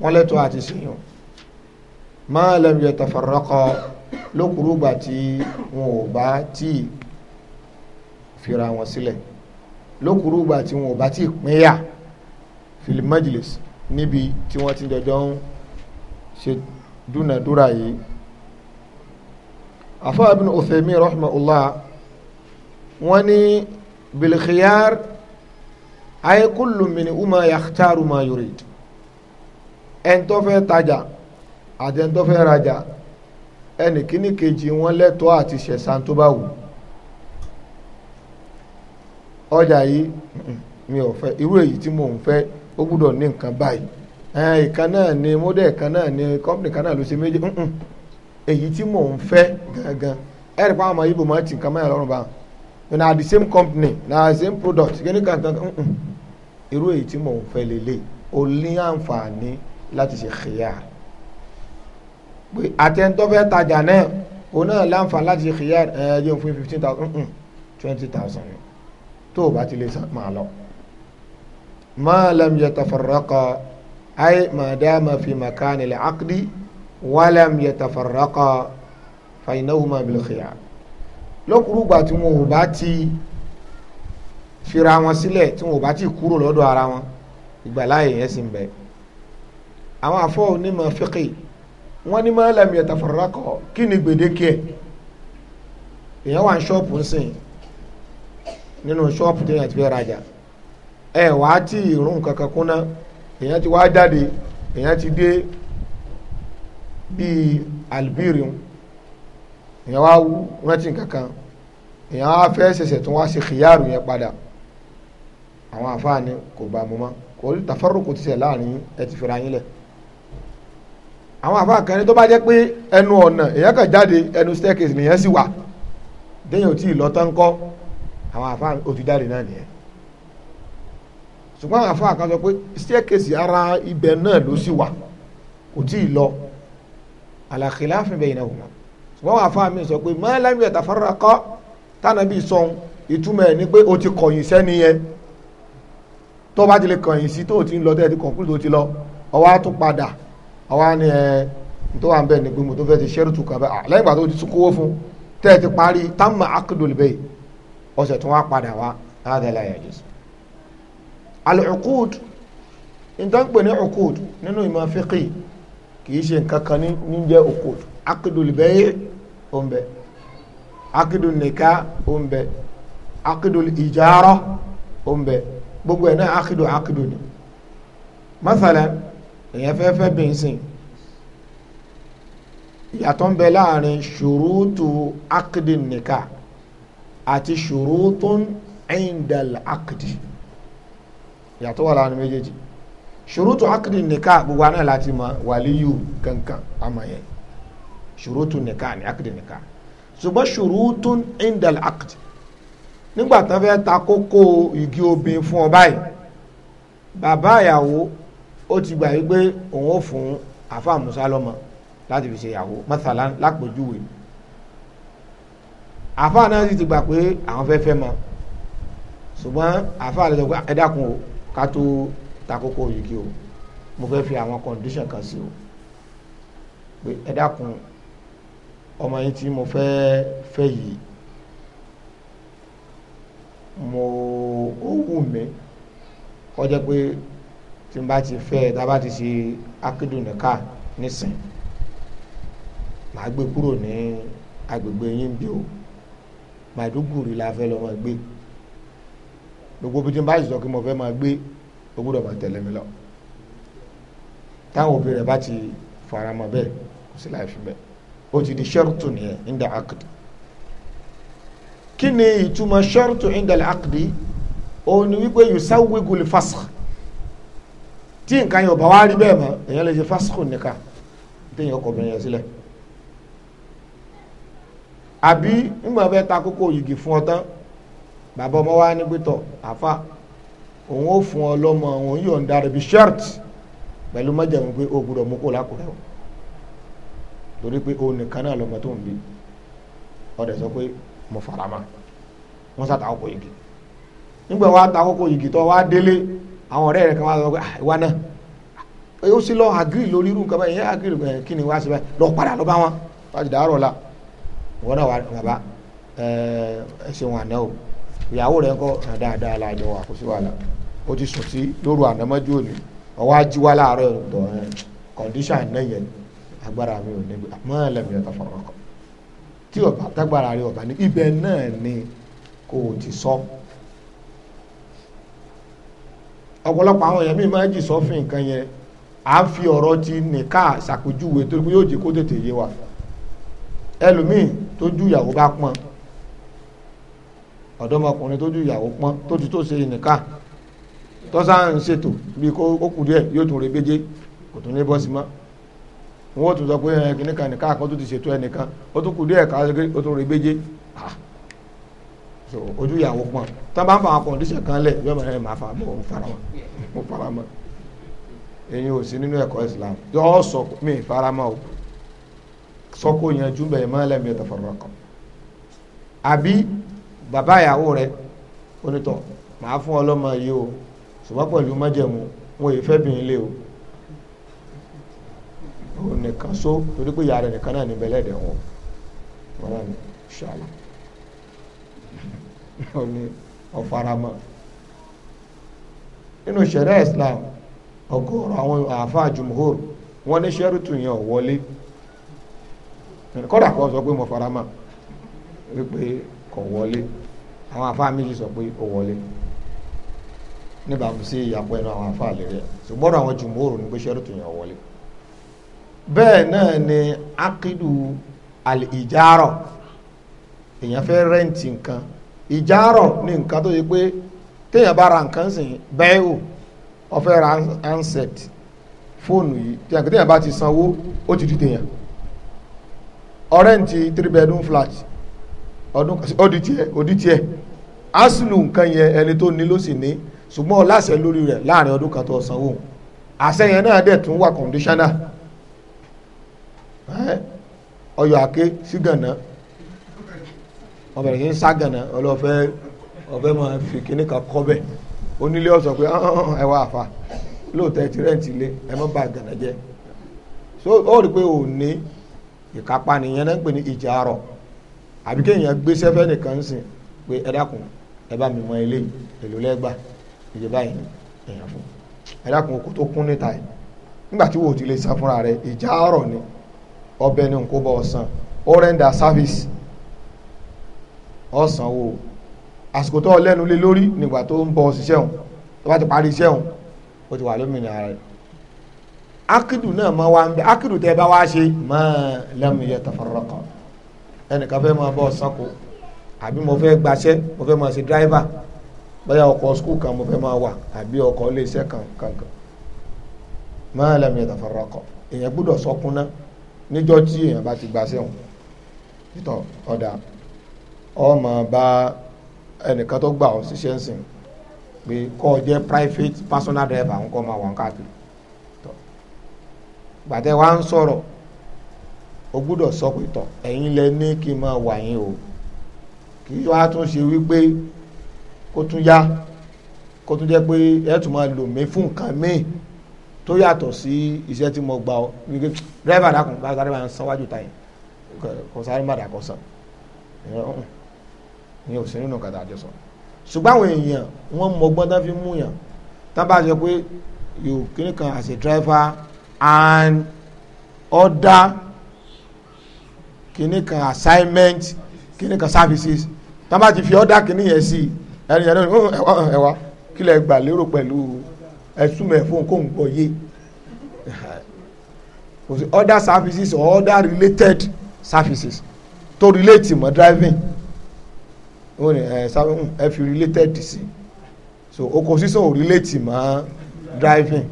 wọ́n lẹ́tọ́ àti sèyàn máa lam yatafarraqa lókùrúgbà tí wọn ò bá tí fira wọn sílẹ̀ lókùrúgbà tí wọn ò bá tí pínyà fil majlis níbi tí wọ́n ti jọjọ́ ń ṣe dúnàdúrà yìí afa ibn Uthaymin rahimahullah wọ́n ní bil khiyar uma yakhtaru ma yurid ẹni tajà àti ẹni rajà ẹnì kíní kejì wọn lẹ́tọ̀ọ́ àti tó bá wù mi ò irú èyí tí ń ó ní nǹkan ni mọ́dẹ̀ kan náà ni kọ́mpìnì kan náà ló ṣe méjì èyí tí ń pa máa ti nǹkan mẹ́rin lọ́rùn na the same company na the same product láti ṣe khiyar pé àtẹ̀ntọ́ fẹ́ tajà náà òun náà láǹfààní láti ṣe khiyar ẹ̀ẹ́dẹ́gbẹ̀rún fún fifteen thousand twenty thousand tó o bá ti lè san máa lọ ma lam yatafarraqa ay ma dama fi makani al-aqdi wa lam yatafarraqa fa innahuma bil khiyar lọ́kùrúgbà tí wọn ò bá ti fira wọn sílẹ̀ tí wọn ò bá ti kúrò lọ́dọ̀ ara wọn ìgbàláyè yẹn sì ń bẹ àwọn afọ onímọ̀ fíkì wọ́n ní máa lẹ́mìí ẹ̀tàfọ̀rọ̀rọ̀ kọ kí ni gbèdéke ẹ̀ èèyàn wà ní ṣọ́ọ̀pù ńsìn nínú ṣọ́ọ̀pù téèyàn ti fẹ́ rajà ẹ̀ wá tí ìrún kankan kúnná èèyàn ti wá jáde èèyàn ti dé bíi albirium èèyàn wá wú rántí kankan èèyàn wá fẹ́ ṣẹ̀ṣẹ̀ tó wá ṣe kìyàrù yẹn padà àwọn àfáàní kò bá mu mọ́ kò tàfárò kò ti ṣẹ̀ láàrin ẹ ti fira yín lẹ̀ àwọn àfa kan ní tó bá jẹ́ pé ẹnu ọ̀nà èyàn kan jáde ẹnu staircase nìyẹn sì wà déyìn ò tí ì lọ tán kọ́ àwọn àfa ò náà nìyẹn ṣùgbọ́n àwọn àfa kan sọ pé staircase ara ibẹ̀ náà ló sì wà kò tí ì lọ ala khilafin baynahuma ṣùgbọ́n àwọn àfa mi sọ pé ma lam yatafarraqa tánàbí sọ̀n ìtumọ̀ ẹ̀ ni pé o ti kọ̀yìn sẹ́ni yẹn tó bá ti lè kọ̀yìn sí tó o ti ń lọ àwa ni ẹ eh, tó wà ń bẹ̀ ni pé mo tó fẹ́ ti ṣẹ́rù tù kàbẹ́ à ah, lẹ́yìn ìgbà tó ti kówó fún tẹ́ ẹ ti parí támà akídòlùbẹ́ yìí ọ̀sẹ̀ tó wá padà wá láti ẹ̀la ẹ̀yà jésù. al-uqud nǹkan pè ní uqud nínú ìmọ̀ fíkì kì í ṣe nǹkan ní jẹ́ uqud akídòlùbẹ́ yìí ó ń bẹ akídòlùnìká ó ń bẹ gbogbo ẹ̀ náà akídò akídò ni èyàn fẹ́ fẹ́ bẹ́ẹ̀ sìn ìyàtọ̀ ń bẹ láàrin ṣùrùtù akdi nìka àti ṣùrùtù indal akdi ìyàtọ̀ wà láàrin méjèèjì ṣùrùtù akdi nìka gbogbo àná láti mọ wàlíyù kankan àmọ́ yẹn ṣùrùtù nìka ni akdi nìka ṣùgbọ́n ṣùrùtù indal akdi nígbà tó fẹ́ ta kókó igi obìnrin fún ọ báyìí bàbá ìyàwó ó ti gbà wípé òun ó fún àfa musa lọ́mọ láti fi ṣe ìyàwó mọ́sálá lápòjúwe àfa náà sì ti gbà pé àwọn fẹ́ fẹ́ mọ ṣùgbọ́n àfa rẹ̀ sọ pé ẹ o ká tó takoko yìí o mo fẹ́ fi àwọn condition kan sí o pé ẹ dákun ọmọ yìí tí mo fẹ́ fẹ́ yìí mo ó wù mí kọjá pé tí n bá ti fẹ́ ẹ dábàá ti ṣe akédùnìká nísìn màá gbé kúrò ní agbègbè yín bí o Maiduguri la fẹ́ lọ máa gbé gbogbo bí tí n bá sọ kí mo fẹ́ máa gbé o gbọ́dọ̀ máa tẹ̀lé mi lọ táwọn òbí rẹ̀ bá ti faramọ́ bẹ́ẹ̀ kò sí láì fi bẹ́ẹ̀ o ti di ṣẹ́rùtù nìyẹn inda akdi kí ni ìtumọ̀ ṣẹ́rùtù inda akdi òun ni wípé yusawigu lifasakh tí nǹkan yẹn ò bá wá rí bẹ́ẹ̀ mọ́ èèyàn lè ṣe fásikò nìkan téèyàn kò bẹ̀rẹ̀ sílẹ̀ àbí nígbà bẹ́ẹ̀ ta kókó yìgì fún ọ tán bàbá ọmọ wa ní pẹ́tọ̀ àfa òun ó fún ọ lọ́mọ òun yóò ń darí bí shirt pẹ̀lú májàmú pé o gbúdọ̀ mú kó lákùrẹ́ o torí pé o nìkan náà lọ́mọ tó ń bí ọ̀dẹ̀ sọ pé mo fara mọ́ wọ́n sá ta kókó yìgì nígbà wa ta kókó yìgì tó wa délé àwọn ọ̀rẹ́ rẹ̀ kan wá sọ pé ah, ìwà náà ah, ó sì lọ agree lórí irú nǹkan báyìí agree ẹ̀ eh, kí ni wá sí báyìí lọ padà lọ bá wọn wájú dàárọ̀ la ìwọ náà wà bàbá eh, ẹ ẹ ṣe wọn àná o ìyàwó rẹ̀ ń kọ́ ah, dáadáa la ìjọ wà kó sí wàhálà ó ti sùn sí lóru àná mọ́jú òní ọwọ́ ajíwá láàárọ̀ ìtọ̀ ẹ eh, condition náà yẹn agbára mi ò níbi àmọ́ ẹlẹ́mìí ọ̀tá fọ̀rọ̀ kọ tí ọba tágbára rẹ ọba ní ibẹ̀ náà ni kò ti sọ. So ọ̀pọ̀lọpọ̀ àwọn èèyàn míì máa jì sọ́fìn nǹkan yẹn à ń fi ọ̀rọ̀ ti nìka ṣàpèjúwe torí pé yóò jẹ́ kó tètè yé wa ẹlòmíì tó ju ìyàwó bá pọn ọ̀dọ́mọkùnrin tó ju ìyàwó pọn tó ti tó ṣe nìka tó sáà ń ṣètò bí kó kù díẹ̀ yóò tún rebéjé kò tún ní bọ́sí mọ́ wọ́n tún sọ pé ẹnìkan nìka kan tó ti ṣètò ẹnìkan ó tún kù díẹ̀ ká ó tún rebéjé ah, so ojú ìyàwó pọn tí wọn bá ń fa àwọn kọndíṣẹ kan lẹ yọọ máa máa fa mo fara mọ́ mo fara mọ́ èyí ò sí nínú ẹ̀kọ́ Islam yọọ sọ mi fara mọ́ o sọkò yanjú bẹ́ẹ̀ mọ ẹlẹmi ẹtọ fọlọ kan àbí bàbá ìyàwó rẹ onítọ màá fún ọlọ́mọ yìí o ṣùgbọ́n pẹ̀lú májẹ̀mú wọn èyí fẹ́ bìnrin lé o òun nìkan so torí pé ìyá rẹ nìkan náà níbẹ̀ lẹ́dẹ̀ẹ́ wọn wọn náà ní ṣàlàyé. ó ní ọ̀faramọ́ nínú ṣẹ̀ríà Islam ọgọ́rọ̀ àwọn àáfàá jùmọ̀hóró wọ́n ní ṣẹ́rùtù yẹn ò wọlé kódà kọ́ sọ pé mo faramọ́ wípé kò wọlé àwọn àáfàá méjì sọ pé ó wọlé níbàámu sí ìyàpọ̀ ẹnu àwọn àáfàá lè rẹ̀ ṣùgbọ́n àwọn jùmọ̀hóró ní pé ṣẹ́rùtù yẹn wọlé bẹ́ẹ̀ náà ni akidu alìjárọ̀ èèyàn fẹ́ rẹ́ǹtì nǹkan ìjárọ̀ ní nǹkan tó yẹ pé téèyàn bá ra nǹkan sìn bẹ́ẹ̀wò ó fẹ́ ra handset fóònù yìí téèyàn bá ti sanwó ó ti di téèyàn ọ̀rẹ́ǹtì three bedroom flat ọdún ó di tiẹ̀ ó di tiẹ̀ asinu nǹkan yẹn ẹni tó ní ló sì ní ṣùgbọ́n ọláṣẹ lórí rẹ̀ láàrin ọdún kan tó sanwó àṣẹ yẹn náà dẹ̀ tún wà conditional ọyọ̀ àké sígànnà. Si wọn bẹ̀rẹ̀ sí ń ságànà ọlọ́fẹ́ ọ̀fẹ́ máa fi kíní kan kọ́ bẹ̀ onílé ọ̀sọ̀ pé ẹ wá àfa lóòótọ́ ẹ ti rẹ́ǹtì ilé ẹ má bà gànà jẹ́ so ó rí i pé ò ní ìkápá nìyẹn náà ń pè ní ìjà àrọ̀ àbí kéèyàn gbé sẹ́fẹ́ nìkan sìn pé ẹ dákun ẹ bá mi mọ ilé èlò lẹ́gbà ìjẹ báyìí èèyàn fún ẹ dákun oko tó kún níta yìí nígbà tí wo ò ti lè san fúnra rẹ ìjà àrọ̀ ni ọbẹ̀ ni nǹkó bọ̀ ọ̀sán ó rẹ́ńdà service ọ̀sánwó àsìkò tó lẹ́nu lé lórí nígbà tó ń bọ̀ ṣiṣẹ́ òun tó bá ti parí iṣẹ́ òun ó ti wà lómìnira rẹ̀ akidu náà máa wá ń bẹ akidu tẹ́ bá wá ṣe máa lam yatafarraqa ẹnìkan fẹ́ máa bọ̀ sanko àbí mo fẹ́ gbaṣẹ́ mo fẹ́ máa ṣe dráìvà bóyá ọkọ̀ skul kan mo fẹ́ máa wà àbí ọkọ̀ iléeṣẹ́ kan kankan máa lam yatafarraqa èèyàn gbọ́dọ̀ sọkúnná níjọ́ tí èèyàn bá ti gbaṣẹ́ òun títọ̀ ọ̀dà ọmọ bá ẹnìkan tó gbà ọ ṣiṣẹ́ ń sìn pé kọ́ ọ jẹ́ private personal driver ń kọ́ máa wọ̀n káàkiri tọ́ gbàtẹ́ wa ń sọ̀rọ̀ o gbúdọ̀ sọ pé tọ̀ ẹ̀yin lẹ ní kí n máa wà yín o kì í wá tún ṣe wípé kó tún yá kó tún jẹ́ pé ẹ tún máa lò mí fún nǹkan míì tó yàtọ̀ sí iṣẹ́ tí mo gbà ọ wípé dírẹ́fà dákun bá sáré máa ń sanwájú táyìn kò sáré má dàkọ̀ sàn ní òsín nínú kàtà àjọsọ ṣùgbọ́n àwọn èèyàn wọ́n mọgbọ́n tán fi mú yàn tán bá sọ pé yóò kíní kan as a driver and order kíní kan assignment kíní kan services tán bá ti fi order kíní yẹn sí ẹni yẹn lónìí oh, ẹwà kílẹ̀ gbà lérò pẹ̀lú ẹ̀sùnmẹ̀ fún kóhùn gbọ́ yé kò sí order services or order related services to relate mọ́ driving ó ní ẹ sábẹ́hùn ẹ fi related sí so oko sísọ ò relate mọ́ driving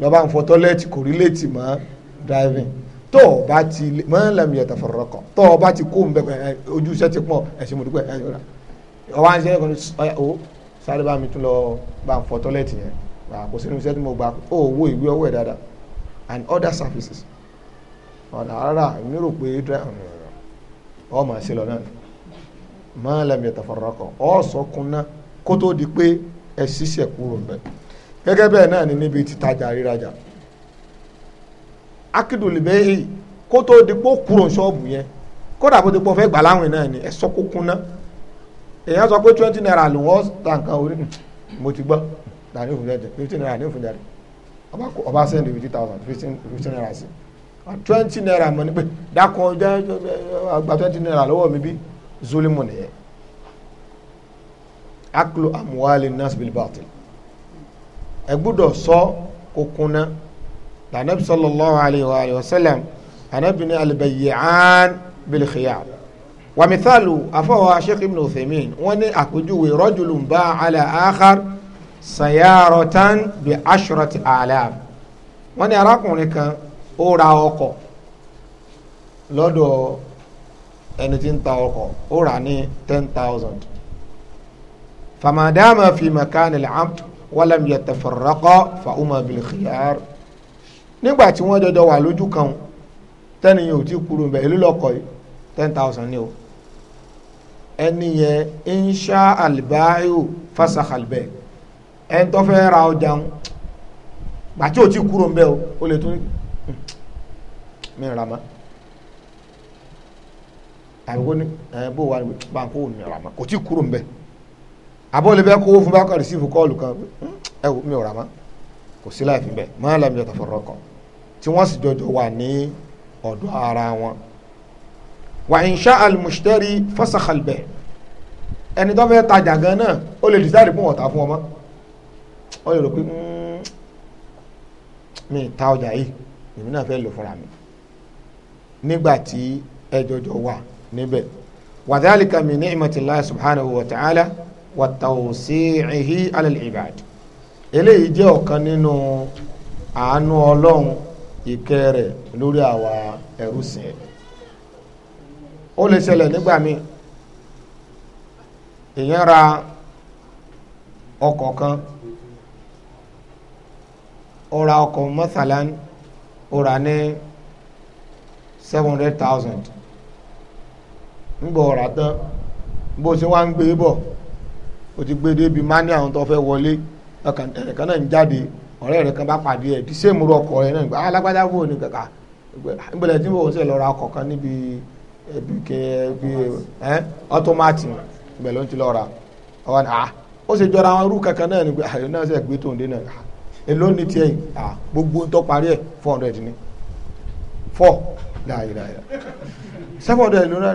lọ́ba ń fọ tọ́lẹ́tì kò relate mọ́ driving tó o bá ti mọ́ lẹ́mu yẹtọ̀ fọ̀rọ̀ kọ̀ tó o bá ti kó n bẹ ojú iṣẹ́ ti pọ̀ ẹ̀sìn mo dúpẹ́ ẹ̀yọ́ la ọba ń ṣe ẹ̀kọ́ ní o sáré bá mi tún lọ bá ń fọ tọ́lẹ́tì yẹn wà kó sínú iṣẹ́ tí mo gbà ó wo ìwé ọwọ́ ẹ̀ dáadáa and other services ọ̀nà rárá mi rò pé ọmọ ẹ̀ ṣe lọ náà máa lẹ́mí ìtàfàrọ́kọ̀ ọ̀sọ̀kun náà kó tó di pé ẹ ṣiṣẹ́ kúrò ń bẹ̀. gẹ́gẹ́ bẹ́ẹ̀ náà ni níbi títajà rírajà akídùlùbẹ́yì kó tó di pé ó kúrò ṣọ́ọ̀bù yẹn kódà bó ti pọ̀ fẹ́ gbà láwìn náà ni ẹ sọ kó kúnná èèyàn sọ pé twenty naira ló wọ́n ta nǹkan orí mo ti gbọ́ dàní òfin jẹjẹ fifteen naira ní òfin jẹjẹ ọba ọba sẹ́ndì fifty thousand fifteen naira sí twenty naira mọ̀ ní pé dákun ọjọ́ àgbà twenty naira lọ́wọ́ mi bí zulimu nìyẹn e. aklu amuwaali nas bil batil ẹ gbọ́dọ̀ sọ kó kunná lànàbi sallallahu alayhi wa alayhi wa sallam anabi ni alibayyaan bil khiyar wa mithalu afawa sheikh ibn uthaymin wọ́n ní àpèjúwe rajulun bá ala akhar sayaratan bi ashrati alaaf wọ́n ní kan ó ra ọkọ̀ lọ́dọ̀ ẹni tí ń ta ọkọ̀ ó rà ní ten thousand famadama fi makan al-abd walam yatafarraqa fa uma bil khiyar nígbà tí wọ́n jọjọ wà lójú kan tẹ́niyàn ò tí kúrò bẹ̀ èlú lọ́kọ̀ yìí ten thousand ni o ẹni yẹn insha albayo fasakalbẹ ẹni tó ra ọjà ń gbàtí ò tí kúrò bẹ́ẹ̀ o ó lè tún mí hmm, ra mọ́ tàbí kó ní ẹ eh, bó wà bá ń kó mi rà má kò tí kúrò ń bẹ àbọ̀ lè bẹ́ kó fún bá kọ́ rìsífù kọ́ọ̀lù kan hmm, ẹ wò mi rà má kò sí láì fi bẹ̀ má làmì jọ tàfọ̀rọ̀ kan tí wọ́n sì jọjọ wà ní ọ̀dọ̀ ara wọn. wà ń ṣá alimusitẹ́rì fọ́sàkàlbẹ̀ ẹni tó fẹ́ tajà gan náà ó lè dísáàdì fún ọ̀tá fún ọmọ ó lè rò pé hmm, mi ta ọjà yìí èmi náà fẹ́ lò fúnra mi nígbà tí ẹ wà níbẹ̀ wàdálìkà mi ní ìmọ̀tìláyà subhanahu wa ta'ala wa tawsi'ihi alal ibad eléyìí jẹ́ ọ̀kan nínú àánú ọlọ́run ìkẹ́ rẹ̀ lórí àwa ẹrú sìn ẹ̀ ó lè ṣẹlẹ̀ nígbà míì èèyàn ra ọkọ̀ kan ó ọkọ̀ mọ́sálán ó ní seven hundred thousand ń bọ̀ ọ̀rà tán bó ṣe wá ń gbé bọ̀ ó ti gbé débi mání àwọn tó fẹ́ wọlé ẹ̀ẹ̀kan náà ń jáde ọ̀rẹ́ rẹ̀ kan bá pàdé ẹ̀ ọkọ̀ rẹ̀ náà alágbádá tí lọ́ra ọkọ̀ kan níbi ẹbí kẹ ẹbí ẹ ọtọmátì ìgbẹ̀ ló ti lọ́ra ọwọ́ ni ah, ó ṣe jọra àwọn irú kankan náà ni àyè ah, náà ṣe gbé tòun dé náà ah, èló ní tiẹ̀ ah gbogbo tó parí ẹ̀ four hundred ni four láàyè láàyè seven hundred ló náà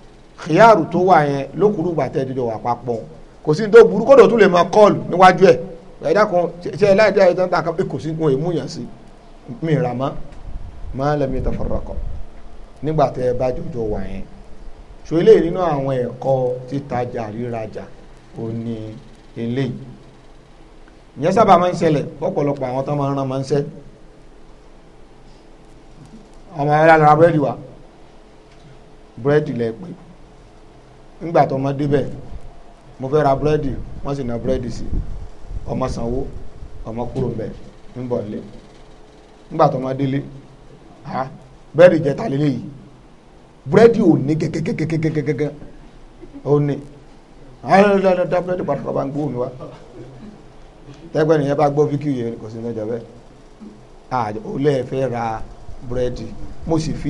khiyaru tó wà yẹn lókùrú gbàtẹ́ dídọ̀ wà papọ̀ kò sí ní tó burú kódò tún lè máa kọ́ọ̀lù níwájú ẹ̀ ẹ̀dá kan ṣe ẹ̀ láì dá ẹ̀ tán tá a kan kò sí ní òun èmúyàn sí mi rà má má lẹ́mi tafarraqa nígbà tẹ́ ẹ bá jọjọ wà yẹn ṣò eléyìí nínú àwọn ẹ̀kọ́ títajà rírajà ò ní eléyìí ìyẹn sábà máa ń ṣẹlẹ̀ ọ̀pọ̀lọpọ̀ àwọn tó máa ń rán máa ń ṣẹ́ ọmọ ẹ̀rọ alára búrẹ́dì wa búrẹ́dì lẹ́ẹ̀pẹ́ nígbà tó ọmọ débẹ̀ mo fẹ́ ra búrẹ́dì wọ́n sì na búrẹ́dì sí ọmọ sanwó ọmọ kúrò ń bẹ̀ ń bọ̀ nílé nígbà tó ọmọ délé ha búrẹ́dì jẹta lélẹ̀ yìí búrẹ́dì ò ní kẹ́kẹ́kẹ́kẹ́kẹ́kẹ́ ó ní ayélujára búrẹ́dì pàtàkì bá ń gbóhùn wa tẹ́gbẹ́ nìyẹn bá gbọ́ fíkì yẹn kò sí ní ọjọ́ bẹ́ẹ̀ àjọ ra búrẹ́dì mo sì fi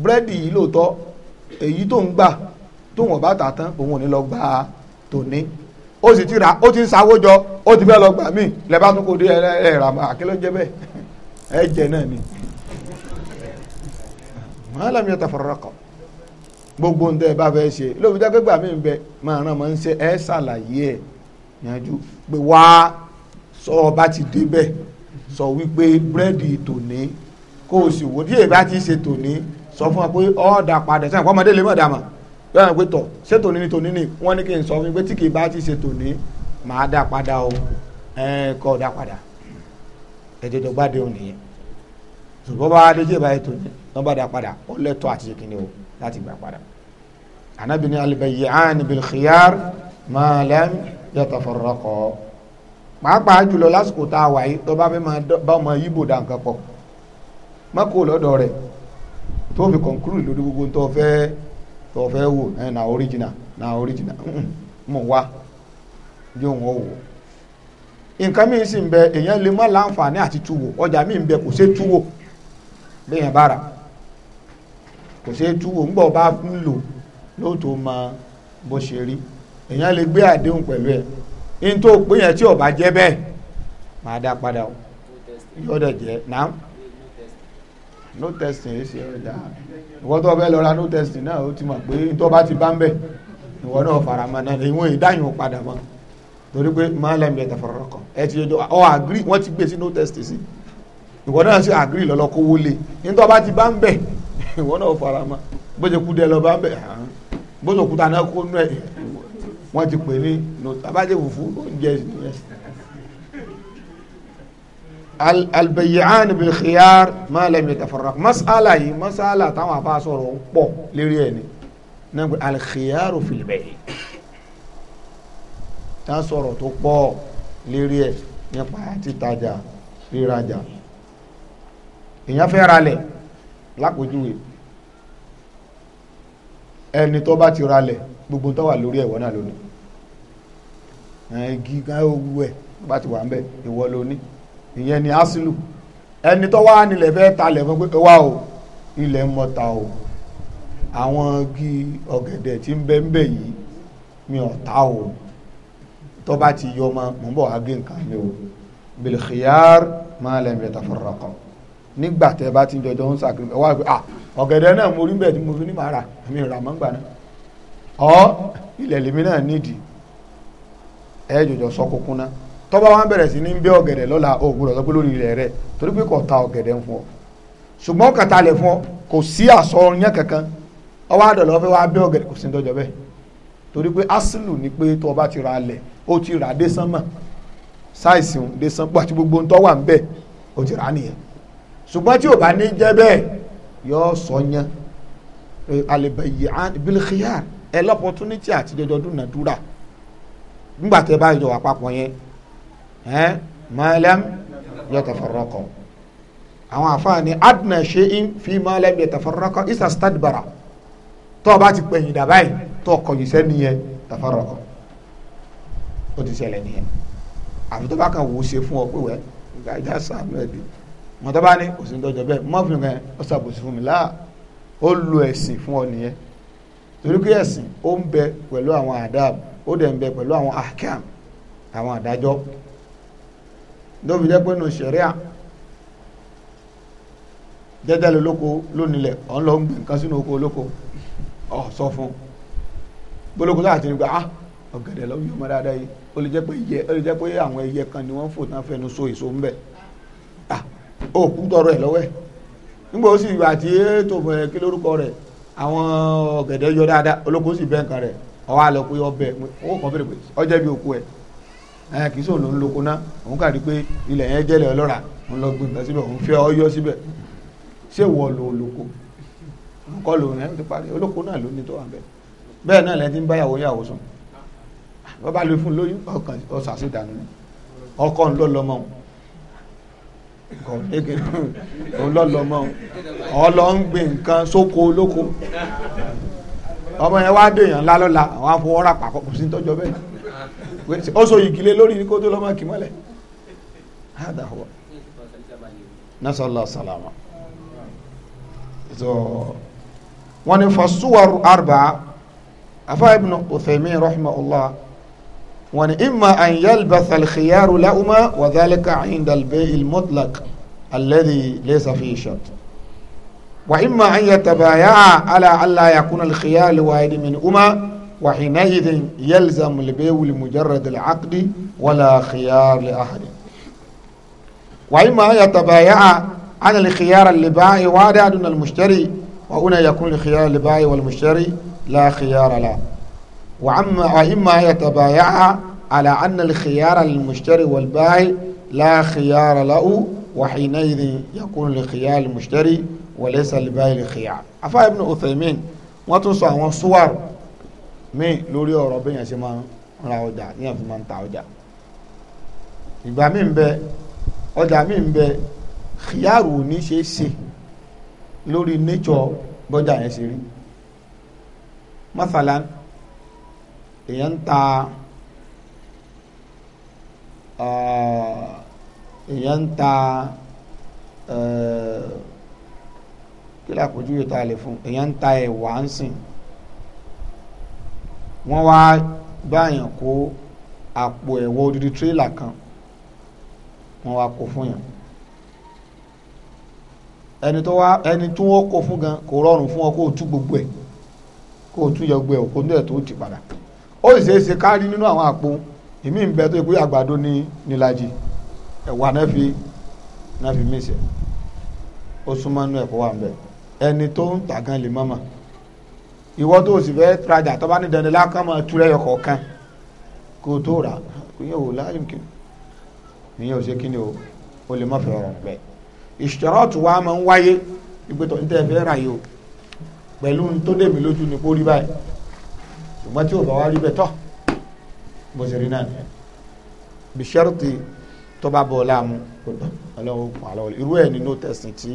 búrẹ́dì yìí lóòótọ́ èyí tó ń gbà tó wọ́n bá tà tán òun ò ní lọ gbà á tòní ó sì ti rà ó ti ń sawó jọ ó ti fẹ́ lọ gbà míì lẹ́bàá tún kò dé ẹ̀ rà àkẹ́lẹ́ jẹ́ bẹ́ẹ̀ ẹ̀ jẹ́ náà ni mahalam yóò tafarraqa gbogbo ntẹ bá fẹ́ ṣe lóbi jẹ́ gbégbà mí bẹ máa ràn máa ń ṣe ẹ ṣàlàyé ẹ yanjú pé wá sọ ọba ti débẹ̀ sọ wípé búrẹ́dì tòní kó o sì wò díẹ̀ bá ti ṣe tòní sọ fún wa pé ọ̀ọ́dà padà sẹ́yìn pọ́nmọdé lè mọ̀ dà mà lọ́wọ́ pé tọ̀ ṣé tòní ni tòní ni wọ́n ní kí n sọ fún mi pé tí kì í bá ti ṣe tòní màá dà padà o ẹ̀ẹ́n kọ́ dà padà ẹ̀jẹ̀ tó gbádùn òun nìyẹn ṣùgbọ́n bá adé jẹ́ báyìí tòní wọ́n bá dà padà ó lẹ́tọ̀ àti kìnìún o láti gbà padà anabi ni albayyi'ani bil khiyar ma lam yatafarraqa pàápàá jùlọ lásìkò tá a wà tó bá fẹ́ máa yíbò dà nǹkan pọ̀ mọ́kò lọ́dọ̀ rẹ̀ tó fi conclude lórí gbogbo tó fẹ́ fẹ́ wò ẹ eh, na original na original wá yóò wọ́n wò nǹkan mi sì ń bẹ èèyàn lè má àti túwò ọjà mi ń bẹ kò ṣe túwò bí èèyàn bá rà kò ṣe túwò ń bọ̀ bá ń lò lóòótọ́ mọ bó ṣe rí èèyàn lè gbé àdéhùn pẹ̀lú ẹ̀ no testing yìí ṣe ọjà ìwọ́n tó fẹ́ lọ ra no testing náà ó ti mọ̀ pé tó bá ti bá ń bẹ̀ ìwọ́n náà faramọ́ náà ìwọ̀n ìdáyìn padà mọ́ torí pé mọ́lẹ́mí ẹ̀ta fọ̀rọ̀ kan ẹ ti yọjọ́ ọ àgírí wọ́n ti gbé sí no testing sí ìwọ́n náà sì àgírí lọ́lọ́kówó lé ní tó bá ti bá ń bẹ̀ ìwọ́n náà faramọ́ bó ṣe kú dé lọ bá ń bẹ̀ bó ṣe a náà kó nú ẹ̀ wọ́n ti pè ní no abájẹ́ fùfú oúnjẹ ìsìn albayyaan bil khiyar ma lam yatafarraq masala yìí masala táwọn afa sọ̀rọ̀ pọ̀ lérí ẹni náà pé al khiyaru fil bay' tá sọ̀rọ̀ tó pọ̀ lérí ẹ nípa títajà rírajà èèyàn fẹ́ ralẹ̀ lápòjúwe ẹni tó bá ti ralẹ̀ gbogbo tó wà lórí ẹ̀wọ́ náà lónìí igi gáyọ̀ owó ẹ̀ bá ti wà ń bẹ̀ ìwọ lónìí ìyẹn ni asilu ẹni tó wá nílẹ̀ fẹ́ talẹ̀ fún pé wá o ilẹ̀ ń mọ́ta o àwọn igi ọ̀gẹ̀dẹ̀ tí ń bẹ ń bẹ yìí mi ò ta o tó bá ti yọ ọmọ mò ń bọ̀ wá gé nǹkan mi o bilkhiyar ma lam yatafarraqa nígbà tẹ bá ti jọjọ ń sàkíní ọwọ́ àgbẹ̀ ah ọ̀gẹ̀dẹ̀ náà mo rí bẹ́ẹ̀ tí mo fi ní màá rà mi rà mọ́ gbà náà ọ ilẹ̀ lèmi náà nídìí ẹ jọjọ sọ kúkú náà tọ́ba wa bẹ̀rẹ̀ sí ní bẹ́ ọ̀gẹ̀dẹ̀ lọ́la o gbọ́dọ̀ sọ pé lórí ilẹ̀ rẹ torí pé kò ta ọ̀gẹ̀dẹ̀ ń fún ọ ṣùgbọ́n kàtà lẹ̀ fún ọ kò sí àsọ yẹn kankan ọwọ́ àdọ̀lọ́ fẹ́ wá bẹ́ ọ̀gẹ̀dẹ̀ kò sí dọ́jọ́ bẹ́ẹ̀ torí pé asìlù ni pé tọ́ba ti ra alẹ̀ ó ti rà dé sánmà sáìsì ń dé sánpọ̀ àti gbogbo ń wà ń ó ti rà nìyẹn ṣùgbọ́n tí ò bá ní jẹ́ bẹ́ẹ̀ yọ sọ yẹn alẹ́bẹ̀yàn bílíkìyà ẹ lọ́pọ̀tunítì àti jọjọ dúnàdúrà nígbà tẹ́ bá jọ wà yẹn ẹ malam yatafarraqa àwọn àfààní adna shay'in fi malam yatafarraqa isa stadbara tó o bá ti pẹ̀yìn dàbá yìí tó o kọ̀yìn sẹ́ni yẹn tafarraqa ó ti ṣẹlẹ̀ nìyẹn àfi tó bá kàn wò ó fún ọ pé wẹ́ gàdá sàánú ẹbí mọ̀tọ́ bá ní òsì ń dọ́jọ́ bẹ́ẹ̀ mọ́fìn kan ó ṣàbòsí fún mi láà ó lo ẹ̀sìn fún ọ nìyẹn torí pé ẹ̀sìn ó ń bẹ pẹ̀lú àwọn àdáàb ó dẹ̀ ń bẹ pẹ̀lú àwọn àkàm àwọn àdájọ́ lóbi jẹ́ pé nù sẹ̀ríà dẹ́dẹ́ ló lóko lónìlẹ̀ ọ̀n lọ ń gbé nǹkan sínú oko olóko ọ̀ sọ fún gbólóko láti ti ní gbà á ọ̀gẹ̀dẹ̀ lọ́wọ́ yóò mọ dáadáa yìí ó lè jẹ́ pé ìyẹ ó lè jẹ́ pé àwọn ẹyẹ kan ni wọ́n fò tán fẹnu so èso ń bẹ̀ à ah, ó kú tọrọ ẹ̀ lọ́wọ́ ẹ̀ nígbà ó sì gbà tí ètò ẹ̀ kí lórúkọ rẹ̀ àwọn ọ̀gẹ̀dẹ̀ yọ dáadáa olóko sì bẹ́ nǹkan rẹ̀ ọwọ́ àlọ́ pé ọbẹ̀ ó kàn fẹ́rẹ̀ pé ọjẹ́ bí òkú ẹ kì í sọ ló ń loko ná òun kà rí pé ilẹ̀ yẹn jẹ́lẹ̀ ọlọ́ra òun lọ gbé síbẹ̀ òun fẹ́ ọyọ́ síbẹ̀ ṣé wọ́ lo olóko òun kọ́ lòun ẹ̀ ń ti parí olóko náà ló ní tó wà bẹ́ẹ̀ bẹ́ẹ̀ náà lẹ́ ti ń bá yàwó yàwó sùn bàbá lè fún lóyún ọkàn ọ̀sàsì dànù ni ọkọ̀ ń lọ lọ́mọ òun lọ lọ́mọ ọlọ́ ń gbé nǹkan sóko olóko ọmọ yẹn wá dèèyàn lálọ́la àwọn afọwọ́rà pàkọ́ kò sí tọ́jọ́ bẹ́ẹ̀ ó so ìkìlẹ̀ lórí ní kó tó lọ́mọ kì mọ́lẹ̀ hada huwa nasala salama so wọ́n ní fasuwar arba afa ibn uthaymin rahimahullah wọ́n ní imma an yalbath alkhiyaru lahuma wa dhalika inda albay almutlaq alladhi laysa fihi shart wa imma an yatabaya'a ala alla yakuna alkhiyar liwahid minhuma وحينئذ يلزم البيع لمجرد العقد ولا خيار لأحد وإما يتبايع عن الخيار اللباء وعلى دون المشتري وهنا يكون الخيار اللباء والمشتري لا خيار له وعما وإما يتبايع على أن الخيار للمشتري والباي لا خيار له وحينئذ يكون الخيار للمشتري وليس للبائع الخيار أفا ابن عثيمين وتنصى وصور míì lórí ọ̀rọ̀ bẹ́ẹ̀ yẹn ṣe máa ń ra ọjà ní ẹ̀fí máa ń ta ọjà ìgbà míì ń bẹ ọjà míì ń bẹ kíyàrú ní ṣe ṣe lórí nature bọ́jà yẹn ṣe rí masalan èèyàn ń ta ah, èèyàn ń ta eh, kí lápòjú yóò ta lè fún èèyàn ń ta ẹ̀wà ń sìn wọ́n wá báyàn kó àpò ẹ̀wọ́ odidi tírélà kan wọ́n wá kó fún yàn ẹni tó wá ẹni tó wọ́n kó fún gan kò rọrùn fún wọn kó o tú gbogbo ẹ̀ kó o tú yọ gbogbo ẹ̀ kó o ní ẹ̀ tó ti padà ó sì ṣeé ṣe kárí nínú àwọn àpò ìmí ń bẹ tó pé àgbàdo ní nílàjì ẹ̀wà náà fi náà fi mí ṣe ó súnmọ́ inú ẹ̀kọ́ wà ń bẹ ẹni tó ń tà lè mọ́mọ́ ìwọ tó o sì fẹ́ rajà tó bá ní dandan lákàn máa tú lẹ́yọ kọ̀ọ̀kan kó o tó rà ìyẹn ò láyé kí ìyẹn ò ṣe kí ni o o lè má fẹ́ rọrùn bẹ́ẹ̀ ìṣòro wa máa ń wáyé ìgbẹ́tọ̀ ní tẹ́ fẹ́ rà yìí o pẹ̀lú tó dèmi lójú ni kó rí báyìí ṣùgbọ́n tí ò bá wá rí bẹ́ẹ̀ tọ́ bó ṣe rí náà nìyẹn bí ṣẹ́rùtì tó bá bọ̀ láàmú irú ẹ̀ nínú tẹ̀sìn tí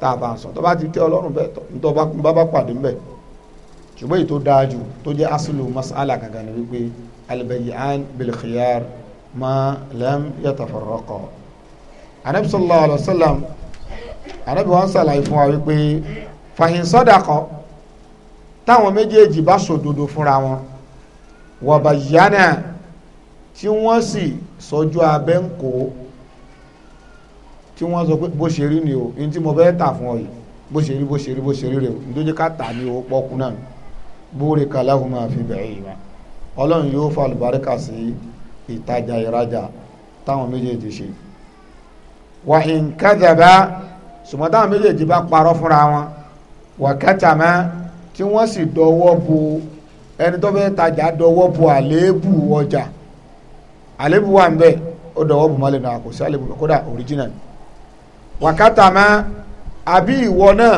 tá a bá ń sọ tó bá ti tẹ́ ọlọ́run bẹ́ẹ̀ tọ́ ní tó bá pàdé ń bẹ́ẹ̀ ṣùgbọ́n èyí tó dáa jù tó jẹ́ aslu mas'ala gangan ni wípé albayyan bilkhiyar ma lam yatafarraqa anabi sallallahu alayhi wa sallam anabi wọn ṣàlàyé fún wa wípé fàhín sadaqa táwọn méjèèjì bá sòdodo fúnra wọn wa bayyana tí wọ́n sì sọjú abẹ́ ń kó tí wọ́n sọ pé bó ṣe rí ni o ní tí mo fẹ́ tà fún ọ yìí bó ṣe rí bó ṣe rí bó ṣe rí rè o ní ká tà ní owó pọ́kú náà búrika lahuma fi bẹ̀yìmá ọlọ́run yóò fa àlùbáríkà sí ìtajà ìrajà táwọn méjèèjì ṣe wà in kadhaba ṣùgbọ́n táwọn méjèèjì bá parọ́ fúnra wọn wà katama tí wọ́n sì dọwọ́ bo ẹni tó fẹ́ tajà dọwọ́ bo àléébù ọjà àléébù wà ń bẹ ó dọwọ́ bo mọ́lẹ̀ náà kò sí àléébù kódà original wà katama àbí ìwọ náà